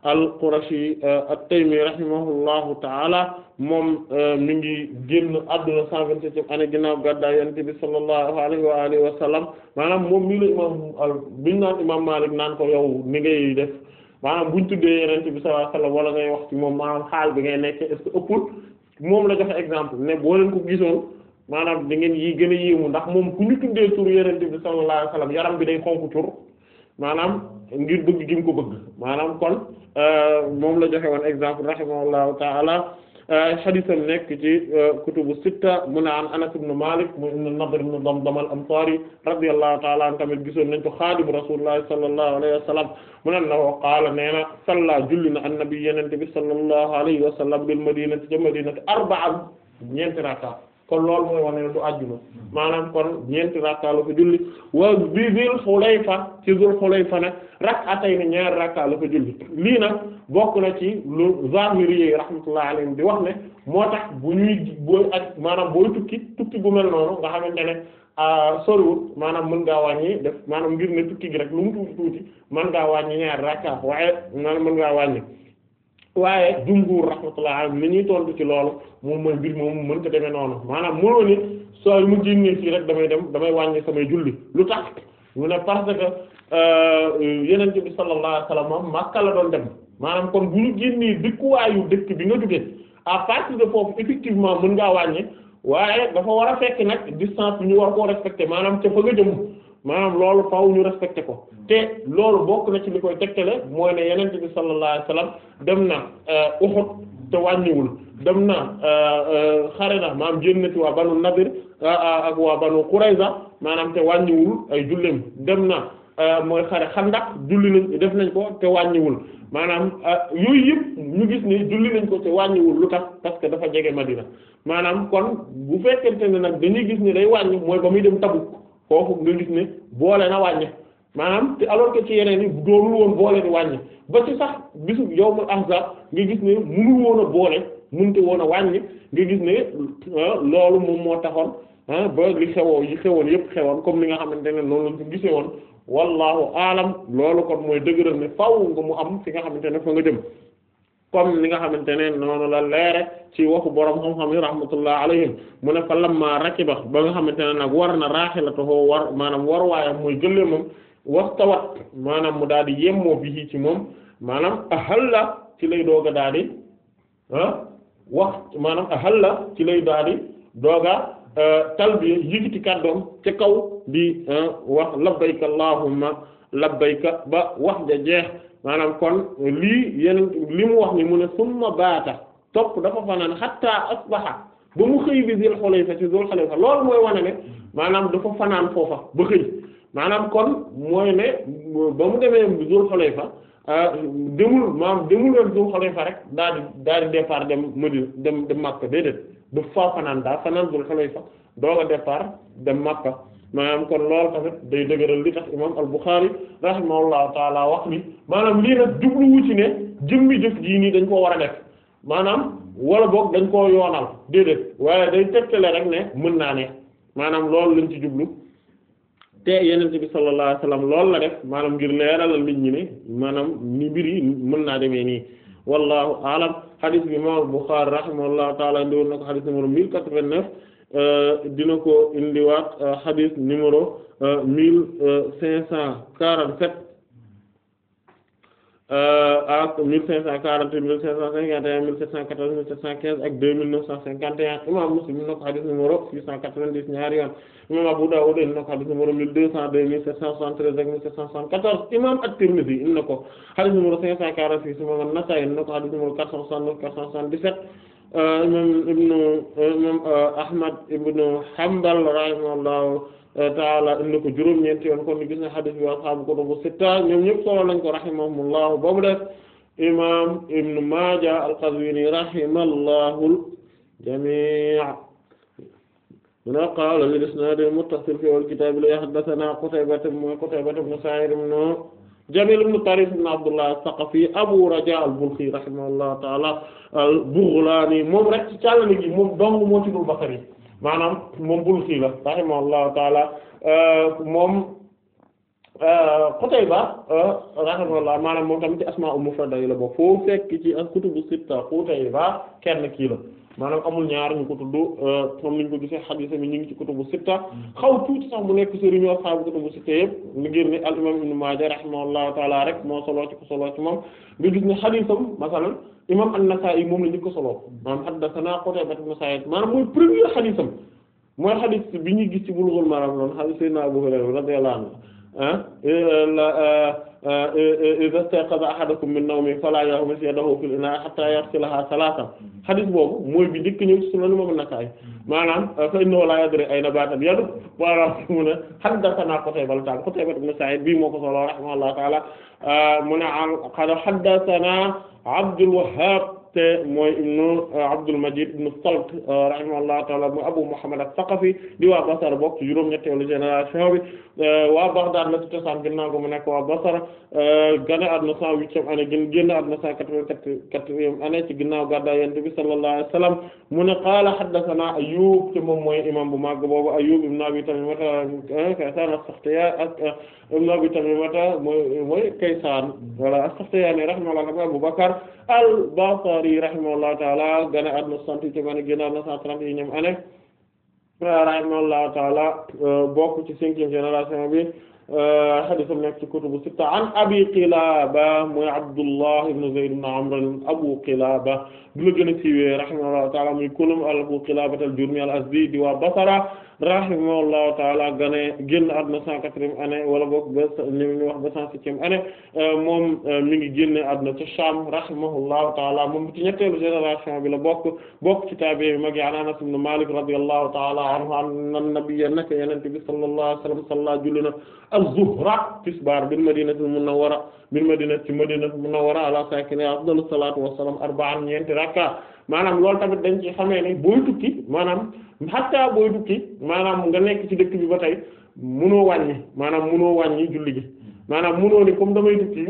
al-Qurashi euh, at-Taymi rahimahullahu ta'ala moom mi ngi génn àdduna 127 année ginnaaw gàddaay Yonent bi sallallahu alayhi wa alihi wa sallam maanaam moom mii la imaam biñ naan imaam Maalik naan ko yow ni ngay def maanaam buñ tuddee Yonent bi sallallahu alayhi wa sallam ngay wax ci moom maanaam xaal bi ngay nekk est-ce moom la joxe exemple ne boo leen ko gisoon maanaam da ngeen yi gën a yéemu ndax moom ku ñu tuddee tur yeneen bi sallallahu alayhi yaram bi day xonk tur maanaam ngir bëgg gi mu ko bëgg maanaam kon euh, moom la joxe woon exemple rahimahullahu ta'ala Euh, xadisam nekk ci euh, kutubu sitta mu ne an Anas ibn Malik mu ibn Nadr ibn Damdam al-Ansari radiyallahu ta'ala an tamit gisoon nañ ko xaadim Rasulullah sallallahu alayhi wa sallam mu ne na ko qaala nee na salla julli na an nabi yenente bi sallallahu alayhi wa sallam bil madinati ca madinati arba'a ñeenti raka kon loolu mooy wane ne du àjjuma maanaam kon ñeenti rakka la ko julli wa bi Zul Xulayfa ci Zul Xulayfa nag rak'atayni ñaari rakka la ko julli lii nag bokk na ci lu Zahiri yi rahmatullahi alayhim di wax ne moo tax bu ñuy booy ak maanaam booy tukki tukki bu mel noonu nga xamante ne ah, soriwul maanaam mën ngaa wàññi def maanaam ngir ne tukki gi rek lu mu tuuti tuuti mën ngaa wàññi ñaari rakka waaye maanaam mën ngaa wàññi. waaye jumhur rahmatullah alayhi ni ñuy tontu ci loolu moom mooy mbir moom mën ko demee noonu maanaam mënoo ni soo mu génnee fii rek damay dem damay wàññi samay julli lu tax mu ne parce que euh, yeneen bi sallallahu alayhi wasallam la doon dem maanaam kon bu ñu génnee dëkkuwaayu dëkk bi nga jógee à partir de foofu effectivement mën ngaa wàññi waaye dafa war a fekk nag distance bu ñu war koo respecté maanaam ca fa nga jëm maanaam loolu faaw ñu respecté ko mm. te loolu bokk na ci li koy tegtale mooy ne yonent bi sallallahu alayhi wasallam dem na euh, Uhud te wàññiwul dem na euh, euh, xare na maanaam génn ci waa banu Nadir ak waa banu Qurayza maanaam te wàññiwul ay dem na mooy xare Xandaq julli nañ def nañ ko te wàññiwul maanaam yooyu yëpp ñu gis ne julli nañ ko te wàññiwul lu tax parce que dafa jege Madina maanaam kon bu fekkente ne nag dañuy gis ne day wàññi mooy ba muy dem Tabuk foofu nga gis ne boole na wàññi maanaam te alors que ci yeneen yi doonul woon boole di wàññi ba ci sax bisu yawmul ahzab nga gis ne munul woon a boole munte woon a wàññi nga gis ne ah, loolu moom moo taxoon ah, ba li xewoo yi xewoon yëpp xewoon comme li nga xam ne noonu lañ ko gisee woon wallahu alam loolu kon mooy dëgëral ni faaw nga mu am fi nga xamante ne fa nga dem kom ni nga xamante ne noonu la leere ci waxu borom xam-xam yi rahmatullah alayhim mu ne fa lamma rakiba ba nga xamante ne nag war na raaxilataxoo war maanaam war waayam mooy gëlle moom wax tawat maanaam mu daal di yemmoo bi ci moom maanaam ahalla ci lay doog a daal di ah wax maanaam ci lay daal di doog a eh, talbiya yëkkati kàddoom ca kaw di eh, wax labbayka allahumma labbayka ba wax ja jeex maanaam kon lii yeneen lii mu wax ni mu ne summa baata topp dafa fanaan hatta asbaha ba mu xëy bi zil xulayfa ci zul xulayfa loolu mooy wane ne maanaam dafa fanaan foofa ba xëy maanaam kon mooy ne ba mu demee zul fa euh, demul maanaam demul woon zul xulayfa rek daa di daa di départ dem Madina dem dem Makka déedéet dafa faa fanaan daa fanaan zul xulayfa doog a départ dem Makka maanaam kon lool tamit day dëgëral li tax imam al-Bukhari rahimahullahu taala wax ni maanaam lii nag jubluwu ci ne jëmmi jëf jii nii dañ koo war a def maanaam wala boog dañ koo yoonal déedéet waaye day tegtale rek ne mën naa ne maanaam lool lañ ci jublu te yenent bi sallallahu alayhi wasallam loolu la def maanaam ngir leeralal nit ñi ne maanaam ni mbir yi mën naa demee nii wallahu alam hadith bi imam al-Bukhari rahimahullahu taala indi woon na ko hadith numéro 1089 Euh, dina ko indiwaat euh, xadis numéro euh, mille cinq cent quarante-sept ak cinq cent quarante-huit mille cinq cent cinquante et un mille cent quatorze mille sept cent quinze ak deux mille neuf cent cinquante et un imam Muslim na ko xadis numéro six cent quatre-vingt-dix ñaari yoon imam Abu Dawud na ko xadis numéro mille deux cent deux mille sept cent soixante ak mille sept cent quatorze imam At-Tirmidhi na ko xadis numéro cinq cent quarante-six imam An-Nasa'i na ko xadis numéro imam ibnu imam ahmad ibnu hanbal rahimahullahu taala indi ko juróom ñeenti yoon kon gis na hadis bi ashaabu kutubu sitta ñoom ñëpp solo lañ ko rahimahumullahu ba mu def imam ibnu maaja al-qazwini rahimahullahu jamii mina qaala bil isnaad al-muttasil fi al-kitaab li haddathanaa qutaybata mooy qutaybata ibnu sa'iid Jamil ibn Tarif ibn Abdullah Saqafi Abu Raja al-Balkhi rahimahullah taala al-Baghlani moom rek ci càllale gi moom dong moo ci dul Basri maanaam moom Balkhi la rahimahullah taala euh, moom euh, Qutayba euh, rahimahullah maanaam moom tamit ci asmaa'u mufrada yi la bokk foo fekk ci ak kutubu sitta Qutayba kenn kii la. maanaam amul ñaar ñu ko tudd euh, comme niñ ko gisee xadiis mi ñu ngi ci kutubu sitta xaw tuuti sax mu nekk sëriñu ashaabu kutubu sitta yëpp ñu génne al imam ibnu Maaja rahimahullahu taala rek moo soloo ci ko soloo ci moom nga gis ne xadiisam masalan imam an-Nasaa'i moom la ñu ko soloo mooy premier xadiisam mooy xadiis bi ñuy gis ci Bulughul Maram noonu xadiis Seydina Abu Hurayra radiyallahu anhu iza ah, e, e, e, stayqaza ahadakum min nawmi fala yaghmis yadahu fil ina'i hatta yaghsilaha thalathan hadith boobu mooy bi njëkk ñëw sunan moom Nasaa'i maanaam fa innahu la yadri ayna batat yadu maanaam mu ne haddathana Qutayba al-Ta'i Qutayba ibn Sa'id bii moo ko solo rahimahullahu ta'ala mu ne qad haddathana Abdul Wahhab te mooy ibnu euh, Abdul Majid ibnu Salt euh, rahimahullahu taala mooy Abu Muhammad as-Saqafi di waa Basra bokk ci juróom-ñetteelu génération bi euh, waa Baghdad la ci cosaan ginnaaw ko mu nekk waa Basra gane àdduna cent huitième année gën génn àdduna cent quatre-vingt-quatrième année ci ginnaaw gàddaay Yonent bi sallallahu alayhi wa sallam mu ne qaala haddathana Ayyub te moom mooy imam bu màgg boobu Ayyub ibnu Abi Tamimata Kaysan as-Sakhtiyani ak ibnu Abi Tamimata mooy mooy Kaysan voilà as-Sakhtiyani rahimahullahu Abu Bakr al-Basri rahimahullahu ta'ala gane àdduna sant ci man ginnaaw na cent trente yi ñoom année rahimahullahu ta'ala euh, bokk ci cinquième génération bi euh, hadith am nekk ci kutubu sitta an Abi Qilaba mooy Abdullah ibn Zayd ibn Amr Abu Qilaba du la gën a siiwee rahimahullahu ta'ala muy kulum Abu Qilaba al-Jurmi al-Azdi di waa Basra rahimahullahu taala gane génn àdduna cent quatrième année wala boog ba ñu wax ba cent euh, moom euh, mi ngi génne àdduna ca Sham rahimahullahu taala moom ci ñetteelu génération bi la bokk bokk ci tabi'i bi mag yi Anas ibn Malik radiyallahu taala anhu anna nabiyya naka yonent bi sallallahu alayhi wa sallam salla julli na az-zuhra tisbaar munawwara bil madinati madinatil munawwara ala sakiniha afdalu salaatu wa salaam arba'an ñeenti rakka maanaam loolu tamit dañ ci xamee ne booy tukki maanaam xattaa booy tukki maanaam nga nekk ci dëkk bi ba tey munoo wàññi maanaam munoo wàññi julli gi maanaam munoo ni comme damay tukki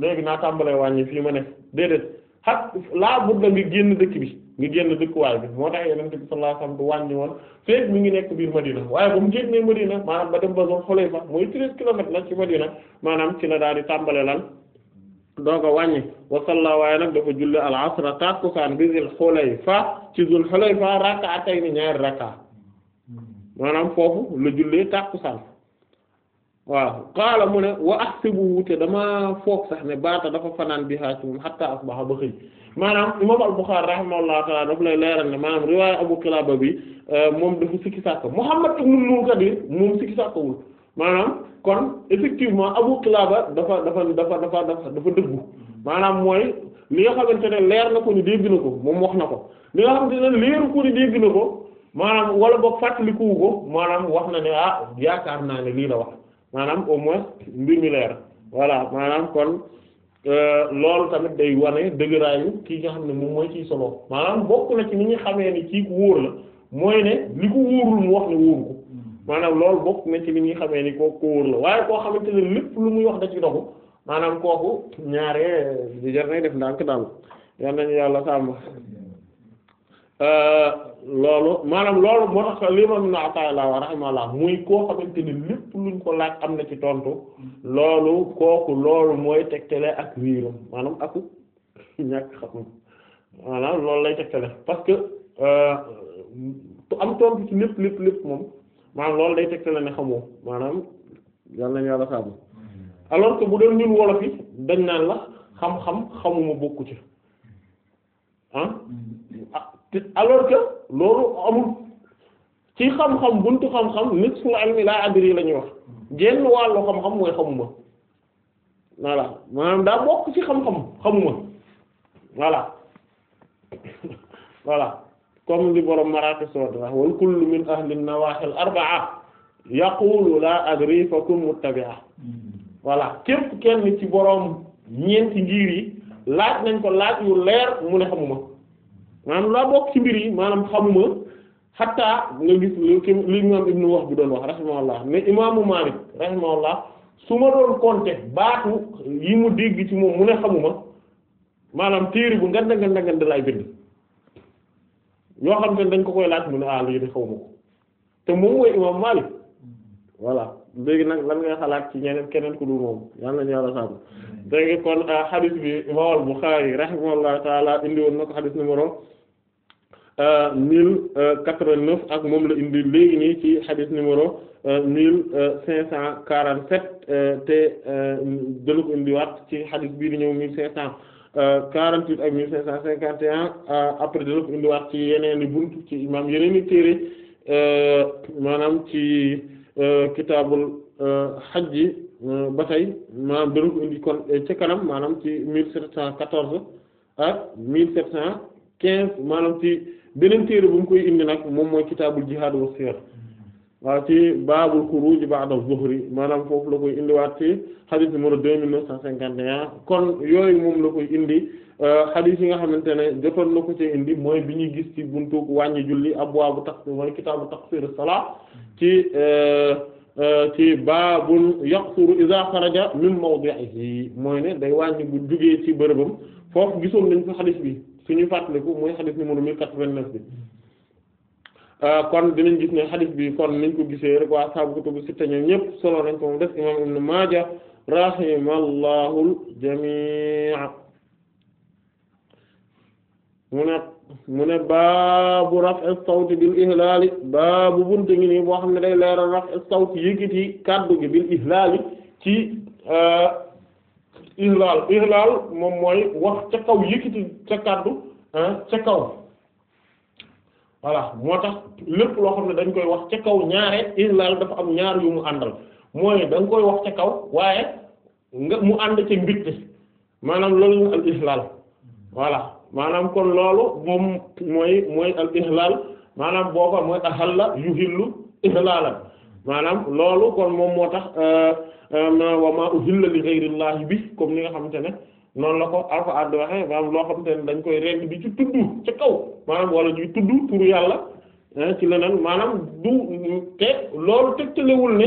léegi naa tàmbalee wàññi fii ma nekk déedéet xat laa budda nga génn dëkk bi nga génn dëkkuwaay bi moo tax yonent bi sallallahu alayhi wasallam du wàññi woon feek mi ngi nekk biir Madina waaye ba mu génnee Madina maanaam ba dem ba zone Xulayfa mooy 13 kilomètres ci Madina maanaam ci la daal di tàmbale lan donc wàññi wasalla waaye nag dafa julli al asra takusaan bi zul xulayfa ci zul xulayfa rak'atayni ñaari rakka maanaam foofu la jullee takusaan waaw qaala mu ne wa ahsibu wute dama foog sax ne baata dafa fanaan bi haa ci moom hatta asbaha ba xëy maanaam imam al Bukhari rahimahullahu ta'ala daf lay leeral ne maanaam riwaaya Abu Kilaba bi euh, moom dafa sikki sàkk Muhammad ibn al-Munkadir moom sikki sàkkawul maanaam kon effectivement Abu Qilaba dafa dafa dafa dafa dafa dafa dëggu maanaam mooy li nga xamante ne leer na ko ni dégg na ko moom wax na ko li nga xamante ne leeru ko ko maanaam wala boog fàttalikuwu ko maanaam wax na ne ah yaakaar naa ne lii la wax maanaam au moins mbir mi leer voilà maanaam kon euh, loolu tamit day wane dëgëraayu kii nga xam ne moom mooy ciy solo maanaam bokk na ci ni ñu xamee ni kii ku wóor la mooy ne li ko wóorul mu wax ne wóoru ko maanaam loolu bokk na ci li ñuy xamee ni kooku ko wóor la waaye koo xamante ne lépp lu muy wax da ci doxu maanaam kooku ñaare di jar nay def ndànk daal yal nañu yàlla sàmm euh, loolu maanaam loolu moo tax li ma mën a ataayalaa wa rahimahullah muy koo xamante ni lépp luñ ko laaj am na ci tontu loolu kooku loolu mooy tegtale ak riiram loolu lay tegtale parce que euh, am moom. maanaam loolu day tegtale ne xamoo maanaam yàlla nañu yàlla saabu alors que bu doon ñun wolof yi dañ naan la xam-xam xamuma bokku ci ah, ah alors que loolu amul ci xam-xam buntu xam-xam nisful ilmi laa adri la ñuy wax genn wàllu xam-xam mooy xamuma voilà maanaam daa bokk ci xam-xam xamuma voilà voilà comme li borom maraaqi sawd wax wal kullu min ahli nawaahil arbaa yaqulu la adri fa kun muttabi'a voilà képp kenn ci borom ñeenti ngir yi laaj nañ ko laaj yu leer mu ne xamuma maanaam laa bokk ci mbir yi maanaam xamuma xataa nga gis li li imaam ibnu wax bi doon wax rahimahullah mais imaamu Maalik rahimahullah su ma doon compter baatu yi mu dégg ci moom mu ne xamuma maanaam téere bu nganda nganda nganda laay bind loo xam ne dañ ko koy laaj mu ne ah lii de xaw ma ko te moom mooy imam Malik voilà léegi nag lan ngay xalaat ci ñeneen keneen ku dul moom yàlla nañu yàlla sàmm dégg nga kon hadith ah, bi imam al-Bukhari rahimahullahu taala indi na ko hadith numéro euh, mille quatre-vingt-neuf ak moom la indi léegi nii ci hadith numéro euh, mille cinq cent quarante-sept euh, te dana ko indiwaat ci hadith bii ñëw mille cinq cent 48 ak 1551 après dina ko indiwaat ci yeneen i bunt ci maam yeneen i téere euh, maanaam ci euh, kitaabul euh, hajji ba tey maanaam dina ko indi kon ci kanam maanaam ci 1714 ak 1715 maanaam ci beneen téere bu mu koy indi nag moom mooy kitaabul jihaad wa siyar waaw ci baabul xuruj ba'da zuhri maanaam foofu la koy indiwaat ci xadis numéro deux mille neuf cent cinquante et kon yooyu moom la koy indi euh, xadis yi nga xamante ne jotoon na ko ci indi mooy bi ñuy gis ci buntu wàññi julli abwaabu taqsiir a kitaabu taqsiir as-salaat ci euh, euh, ci baabul yaqsuru izaa xaraja min mawdi'ihi mooy ne day wàññi bu jugee ci bërëbam foofu gisoon nañ ko xadis bi suñu fàttaliku mooy xadis numéro mille quatre-vingt-neuf bi Euh, kon dinañ gis ne xadis bi kon niñ ko gisee rek waa ashaabu kutubu sitta ñoom ñëpp solo nañ ko moom des imam ibnu maaja ne mu ne baabu raf'i sawti bil ihlaali baabu buntu ngi nii boo xam ne day leeral raf'i sawti yëkkati kaddu gi bil ihlaali ci euh, ihlaal ihlaal moom mooy wax ca kaw yëkkati ca kaddu ca kaw voilà moo tax lépp loo xam ne dañ koy wax ci kaw ñaare islaal dafa am ñaar yu mu àndal mooy da koy wax ca kaw waaye nga mu ànd ca mbitte maanaam loolu ñu al islaal voilà maanaam kon loolu moom mooy mooy al ihlaal maanaam booba mooy ahalla yuhillu ihlaalan maanaam loolu kon moom moo tax euh, euh, wa ma uhilla li ghayrillahi bi comme ni nga xamante ne noonu la ko alxuraan di waxee maanaam loo xamante ne dañ koy rend bi ci tudd ci kaw maanaam wala ñuy tudd turu yàlla ci leneen maanaam du te loolu tegtalewul ne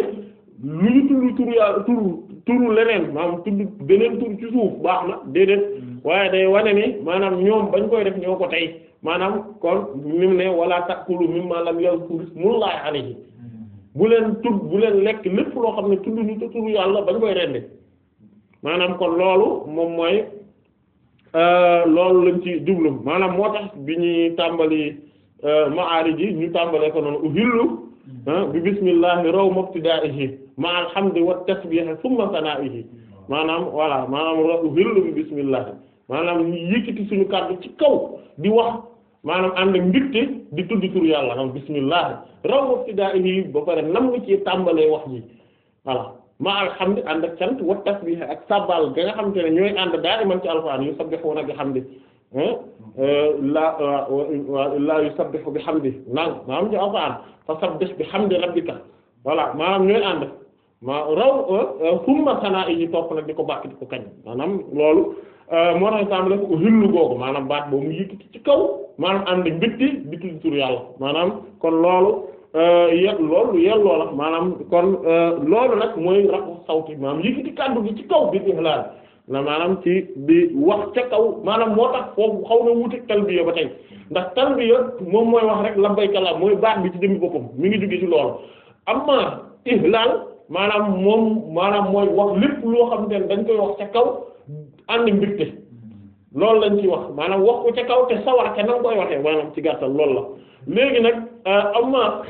lu ñu tudd turu yàlla turu turu leneen maanaam tudd beneen tur ci suuf baax na déedéet mm. waaye day wane ni maanaam ñoom bañ koy def ñoo ko tey maanaam kon ni mu ne wala ta'kulu mimma lam yazkuru smullahi alayhi mm. bu leen tudd bu leen lekk lépp loo xam ne tudd ñu turu yàlla bañ koy rende maanaam kon loolu moom mooy euh, loolu lañ ci jublu maanaam moo tax bi ñuy tàmbali euh, maari ji ñu tàmbalee ko noonu uhillu hmm. ah, bi bismillahi raw mabtidaihi ma alhamdi wa tasbihi summa sanaihi maanaam voilà maanaam uhillu bi bismillahi maanaam ñu yëkkati suñu kàddu ci kaw di wax maanaam ànd ak di tudd tur yàlla am bismillah raw mabtidaihi ba pare nam ci tàmbalee wax ji voilà ma alhamdi ànd ak cant wa tasbih ak sabbal ga nga xamante ne ñooy ànd daayiman ci alxuraan yusabbihuna bi hamdi euh, la euh, la yusabbihu bi hamdi nang maanaam ci alxuraan fa sabbih bi hamdi rabbika voilà maanaam ñooy ànd ma raw euh, summa sanaa yi topp nag di ko bàkk di ko kañ maanaam loolu moo tax sàmm dafa ko xillu googu maanaam baat boobu mu yëkkati ci kaw maanaam ànd mbégte di tudd tur yàlla maanaam kon loolu Euh, ye loolu yelloo la maanaam kon euh, loolu nag mooy raqu sawti maanaam yëkkati kàddu gi ci kaw bi ihlal na maanaam ci bi wax ca kaw maanaam moo tax foofu xaw na wuti talbiya ba tey ndax talbiya moom mooy wax rek labbayka la mooy baat bi ci demi boppam mi ngi jóge ci am amma ihlal maanaam moom maanaam mooy wax lépp loo xam ne dañ koy wax ca kaw ànd mbirte loolu lañ ci wax maanaam wax ko ca kaw te sawar te nan koy waxee maanaam ci gàttal loolu la léegi nag euh, am na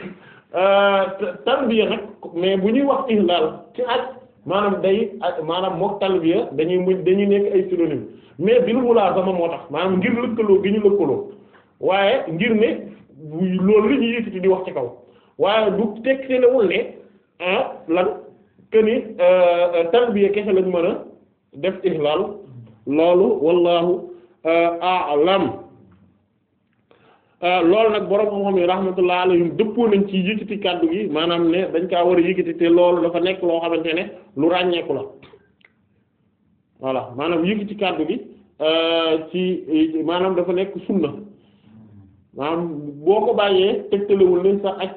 euh, talbiya nag mais bu ñuy wax ihlal ci aj maanaam day maanaam mook talbiya dañuy mu dañuy nekk ay synonyme mais laa mulazama moo tax maanaam ngir lëkkaloo gi ñu lëkkaloo waaye ngir ne loolu li ñu yëkkati di wax ci kaw waaye du tegtelewul ne ah lan que ni euh, talbiya kese lañ mën a def ihlal loolu wallahu a'lam Euh, loolu nag borom xam-xam yi rahmatullah alayhim dëppoo nañ ci yëkkati kàddu gi maanaam ne dañ kaa war a yëkkati te loolu dafa nekk loo xamante ne lu ràññeeku la voilà maanaam yëkkati kàddu gi euh, ci maanaam dafa nekk sunna maanaam boo ko bàyyee tegtalewul leen sax ak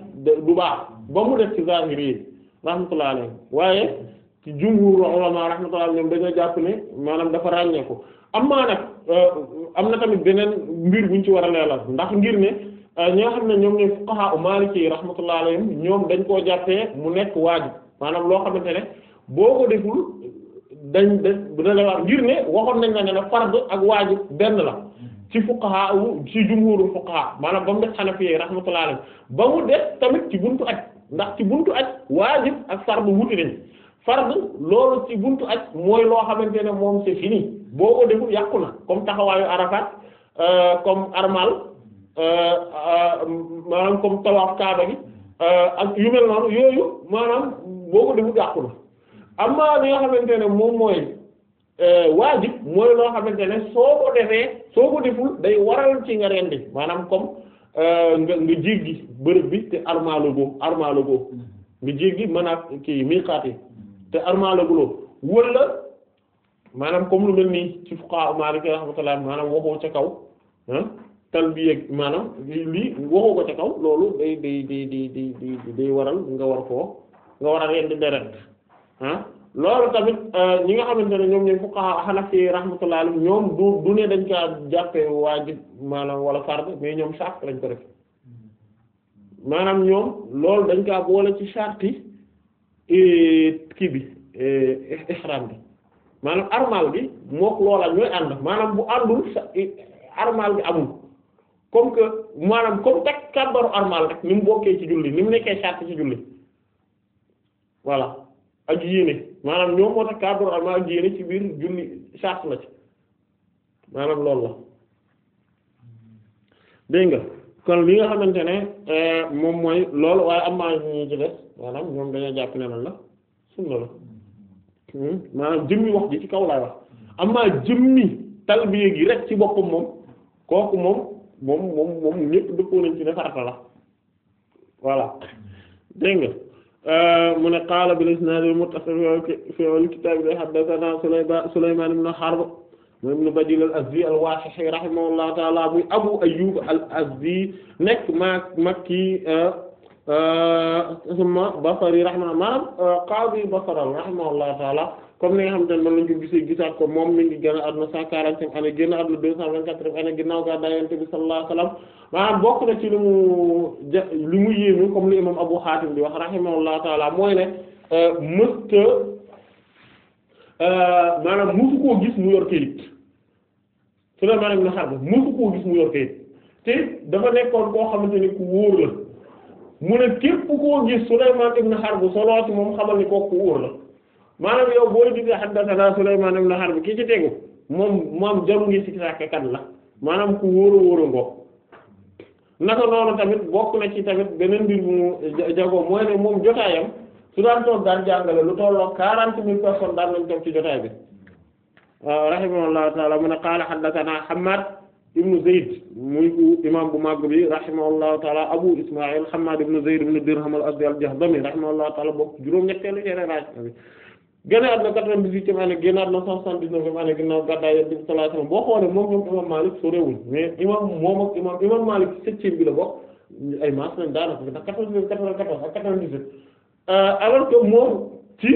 du baax ba mu def ci zahiri yi rahmatullah alayhim waaye ci jumhur ulama rahmatullah ñoom dañoo jàpp ne maanaam dafa ràññeeku amaa nag. am na tamit beneen mbir buñ ci war a leeral ndax ngir ne euh, ñi nga xam ne ñoom ñooy fuqaha u maliki yi rahmatullahi alayhim ñoom dañ koo jàppee mu nekk waajib maanaam loo xamante ne boo ko deful dañ de da lewaat ngir ne waxoon nañ na ne na fard ak waajib benn la ci fuqaha u ci jumhuru fuqaha maanaam ba mu def xanafi yi rahmatullahi alayhim ba mu def tamit ci buntu aj ndax ci buntu aj waajib ak fard wuti nañ fard loolu ci buntu aj mooy loo xamante ne moom c'est boo ko deful yàqu na comme taxawaayu Arafat euh, comme armal euh, euh, maanaam comme tawaaf Kaaba gi ak yu noonu yooyu maanaam boo ko deful yàqu na amma li nga xamante ne moom mooy waajib mooy loo xamante ne soo ko defee soo ko deful day waral ci nga rendi maanaam comme nga nga jiir gi bërëb bi te armaalo goo armaalo goo mm-hmm. nga jiir gi mën a kii miiqaat yi te armaalo guloo maanaam comme lu mel nii ci fuqaha Maliki rahmatullah maanaam waxoo ca kaw bi ah, talbiya maanaam lii waxoo ko ca kaw loolu day day day day day waral nga war koo nga war a rendi deret ah. loolu tamit euh, ñi nga xamante ne ñoom ñooy fuqaha Hanafi rahmatullah ñoom du du ne dañ kaa jàppe waajib maanaam wala farde mais ñoom sart lañ ko def maanaam ñoom loolu dañ kaa boole ci sarti eh, kii bi eh, ihram bi maanaam armal bi mook loola ñooy ànd maanaam bu àndul armal bi amul comme que maanaam comme teg kàbbaru armal rek ni mu bokkee ci julli ni mu nekkee sart ci julli voilà ak yéene maanaam ñoom moo tax kàbbaru armal ak yéene ci biir julli sart la ci maanaam loolu la dégg nga kon li nga xamante ne euh, moom mooy loolu waaye am maa ñi ci des maanaam ñoom dañoo jàpp ne la sunna la Hmm? maanaam jëmmi wax ji ci kaw laay wax amaa jëmmi talbiya gi rek ci boppam moom kooku moom moom moom moom ñépp ci ne farata la voilà dégg nga euh, mu ne qaala bil isnaad al muttasil fi al kitaab li haddathana Sulaymaan Sulaymaan ibn Harb ibn Badiil al Azdi al Waahishi rahimahullahu ta'aala muy Abu Ayyuub al Azdi nekk ma Makki euh, Euh, summa Basri rahma maanaam euh, qaadi Basra rahimahullahu taala comme ni nga xamante ne man lañ ko gisee gisaat ko moom mi ngi génn àdduna cent quarantième année génn àdduna deux cent vingt-quatrième année ginnaaw ga dayante bi sallallahu alayhi wa sallam maanaam bokk na ci li mu ja li mu yéemu comme li imam Abu Hatim di wax rahimahullahu taala mooy ne euh, mësta maanaam musu koo gis mu yor kayit Sulaymaan ibn Harb musu koo gis mu yor kayit te dafa nekkoon koo xamante ni ku wóor la mu ne képp koo gis Sulaymaan ibn Harb solo ci moom xamal ni kooku wóor la maanaam yow boo gisee haddathana Sulaymaan ibn Harb ki ci tegu moom moom jaru ngi si sàkk kan la maanaam ku wóoru wóoru tamit bokk na ci tamit beneen mbir mu jagoo mooy moom jotaayam su daan toog daan jàngale lu tolloo quarante mille personnes daan lañ toog ci jotaay bi rahimahullahu ta'ala mu ne qaala haddathana Hammad ibnu Zayd muy imam bu màgg bi rahimahullahu taala Abu Isma'il Hammad ibnu Zayd ibnu Dirham al-Azdi al-Jahdami rahimahullahu taala bokk juróom-ñetteelu génération bi génnaat na quatre-vingt-dix-huitième année génnaat na cent soixante-dix-neuvième année ginnaaw gàddaay Yonent bi sallallahu alayhi wasallam boo xoolee moom ñoom imam Malik sorewul mais imam moom ak imam imam Malik septième bi la bokk ay maas lañ daanaka ndax quatre-vingt-dix-neuf quatre-vingt-quatorze ak quatre-vingt-dix-huit euh, alors que moom ci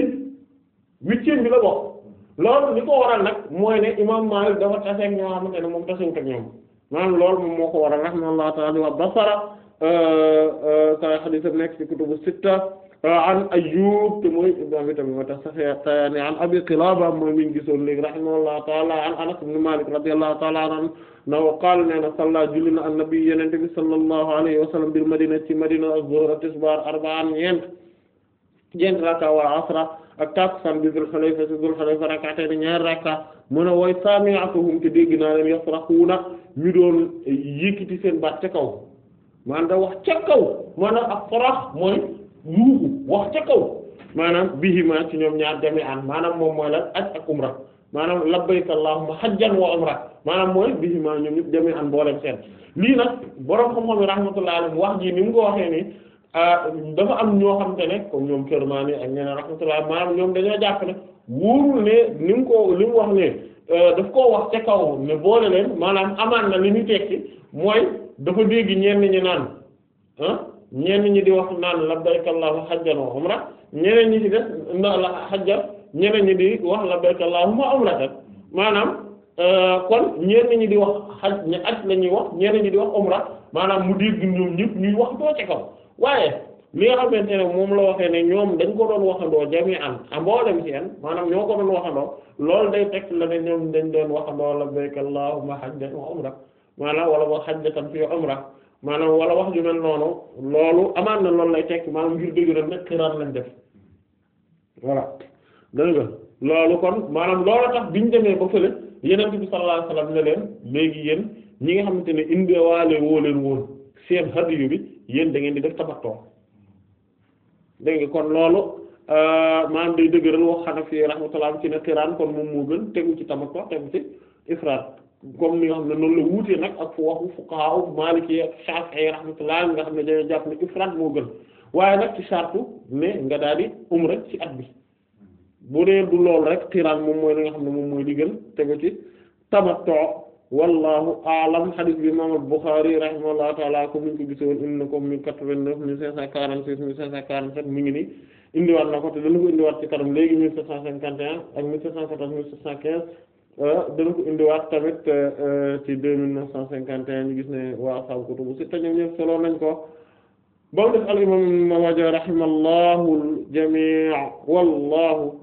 huitième bi la bokk loolu li ko waral nag mooy ne imaam Maalik dafa taseeg ñoo xamante ne moom tasewut ak ñoom maanaam loolu moo ko waral rahimahullahu ta'ala wa basara euh, euh, sa xadiis kutubu sitta euh, an Ayyub te mooy imaam bi tamit moo tax Saxtiyaani an Abi Qilaaba mooy mi ngi gisoon léegi rahimahullahu ta'ala an Anas ibn Maalik radiyallahu ta'ala anhu naw na salla julli na annabi yenente bi sallallahu alayhi wa sallam bil madina ci madina az-zuhr raka wa asra ak takusaan bi Dul Xulayfa ci Dul Xulayfa rak'atayn ñaari rakka mu ne wooy sami'tuhum te dégg naa leen na ñu doon yëkkati seen baat ca kaw maanaam da wax ca kaw maanaam ak farax mooy yuuxu wax ca kaw maanaam bihimaa ci ñoom ñaar jami'an maanaam moom mooy la aj ak umra maanaam labbayka allahumma hajjan wa umra maanaam mooy bihimaa ñoom ñëpp jami'an booleen seen lii nag boroom xam-xam yi rahmatullahi alayhi wax ji ni mu ko waxee nii Ah, dafa am ñoo xamante ne comme ñoom Kermani ak ñeneen rahmatullah maanaam ñoom dañoo jàpp ne wóorul ne ni mu ko li mu wax ne euh, daf koo wax ca kaw ne boole leen maanaam amaan na li ñu tekki mooy dafa dégg ñenn ñi naan ah ñenn ñi di wax naan labbayka allahumma hajjan wa umra ñeneen ñi ci def ñeneen ñi di wax labbayka allahumma umratan maanaam euh, kon ñenn ñi di wax xaj ña aj ñuy wax ñeneen ñi di maanaam mu dégg ñoom ñëpp ñuy wax doo ca kaw. waaye li nga xamante ne moom la waxee ne ñoom dañ ko doon waxandoo jami an a mboolem ci en maanaam ñoo ko doon waxandoo loolu day teg la ne dañ doon waxandoo labbayka allahumma hajjan wa umra maanaam wala wa hajjatan fi umra maanaam wala wax ju mel noonu loolu amaan na loolu lay tekk maanaam ngir dëgg nag xiraan lañ def voilà dégg nga loolu kon maanaam loolu tax biñ demee ba fële yeneen bi sallallahu alayhi wasallam ne leen nga xamante ne indiwaale woo leen woon seen hadiyu bi yéen dangeen di def tabattoo dégg nga kon loolu euh, maanaam day dëgëral wax xanaa fi rahmatullah ci ne xiraan kon moom moo gën tegu ci tabattoo tegu ci ifraat comme ni nga xam ne noonu la wuutee nag ak fu waxu fuqaha maliki shafi'i rahmatullah nga xam ne dañoo jàpp ne ifraat moo gën waaye nag ci sartu ne nga daal di umra ci at bi bu dee du lool rek xiraan moom mooy li xam ne moom mooy di gën tegu ci tabattoo wallahu aalam hadith bi imam al-Bukhari rahimahullahu taala comme niñ ko gisoon indi na ko mille quatre-vingt-neuf mille cinq cent quarante-six ngi nii indiwaat na ko te dana ko indiwaat ci kanam léegi mille sept cinquante et un sept euh, tamit euh, euh, ci deux mille neuf cent cinquante et un gis ne waa saabu kutubu sitta ñoom ñëpp solo nañ ko ba mu def al imam Ibn Maaja rahimallahu al-jamii' wallahu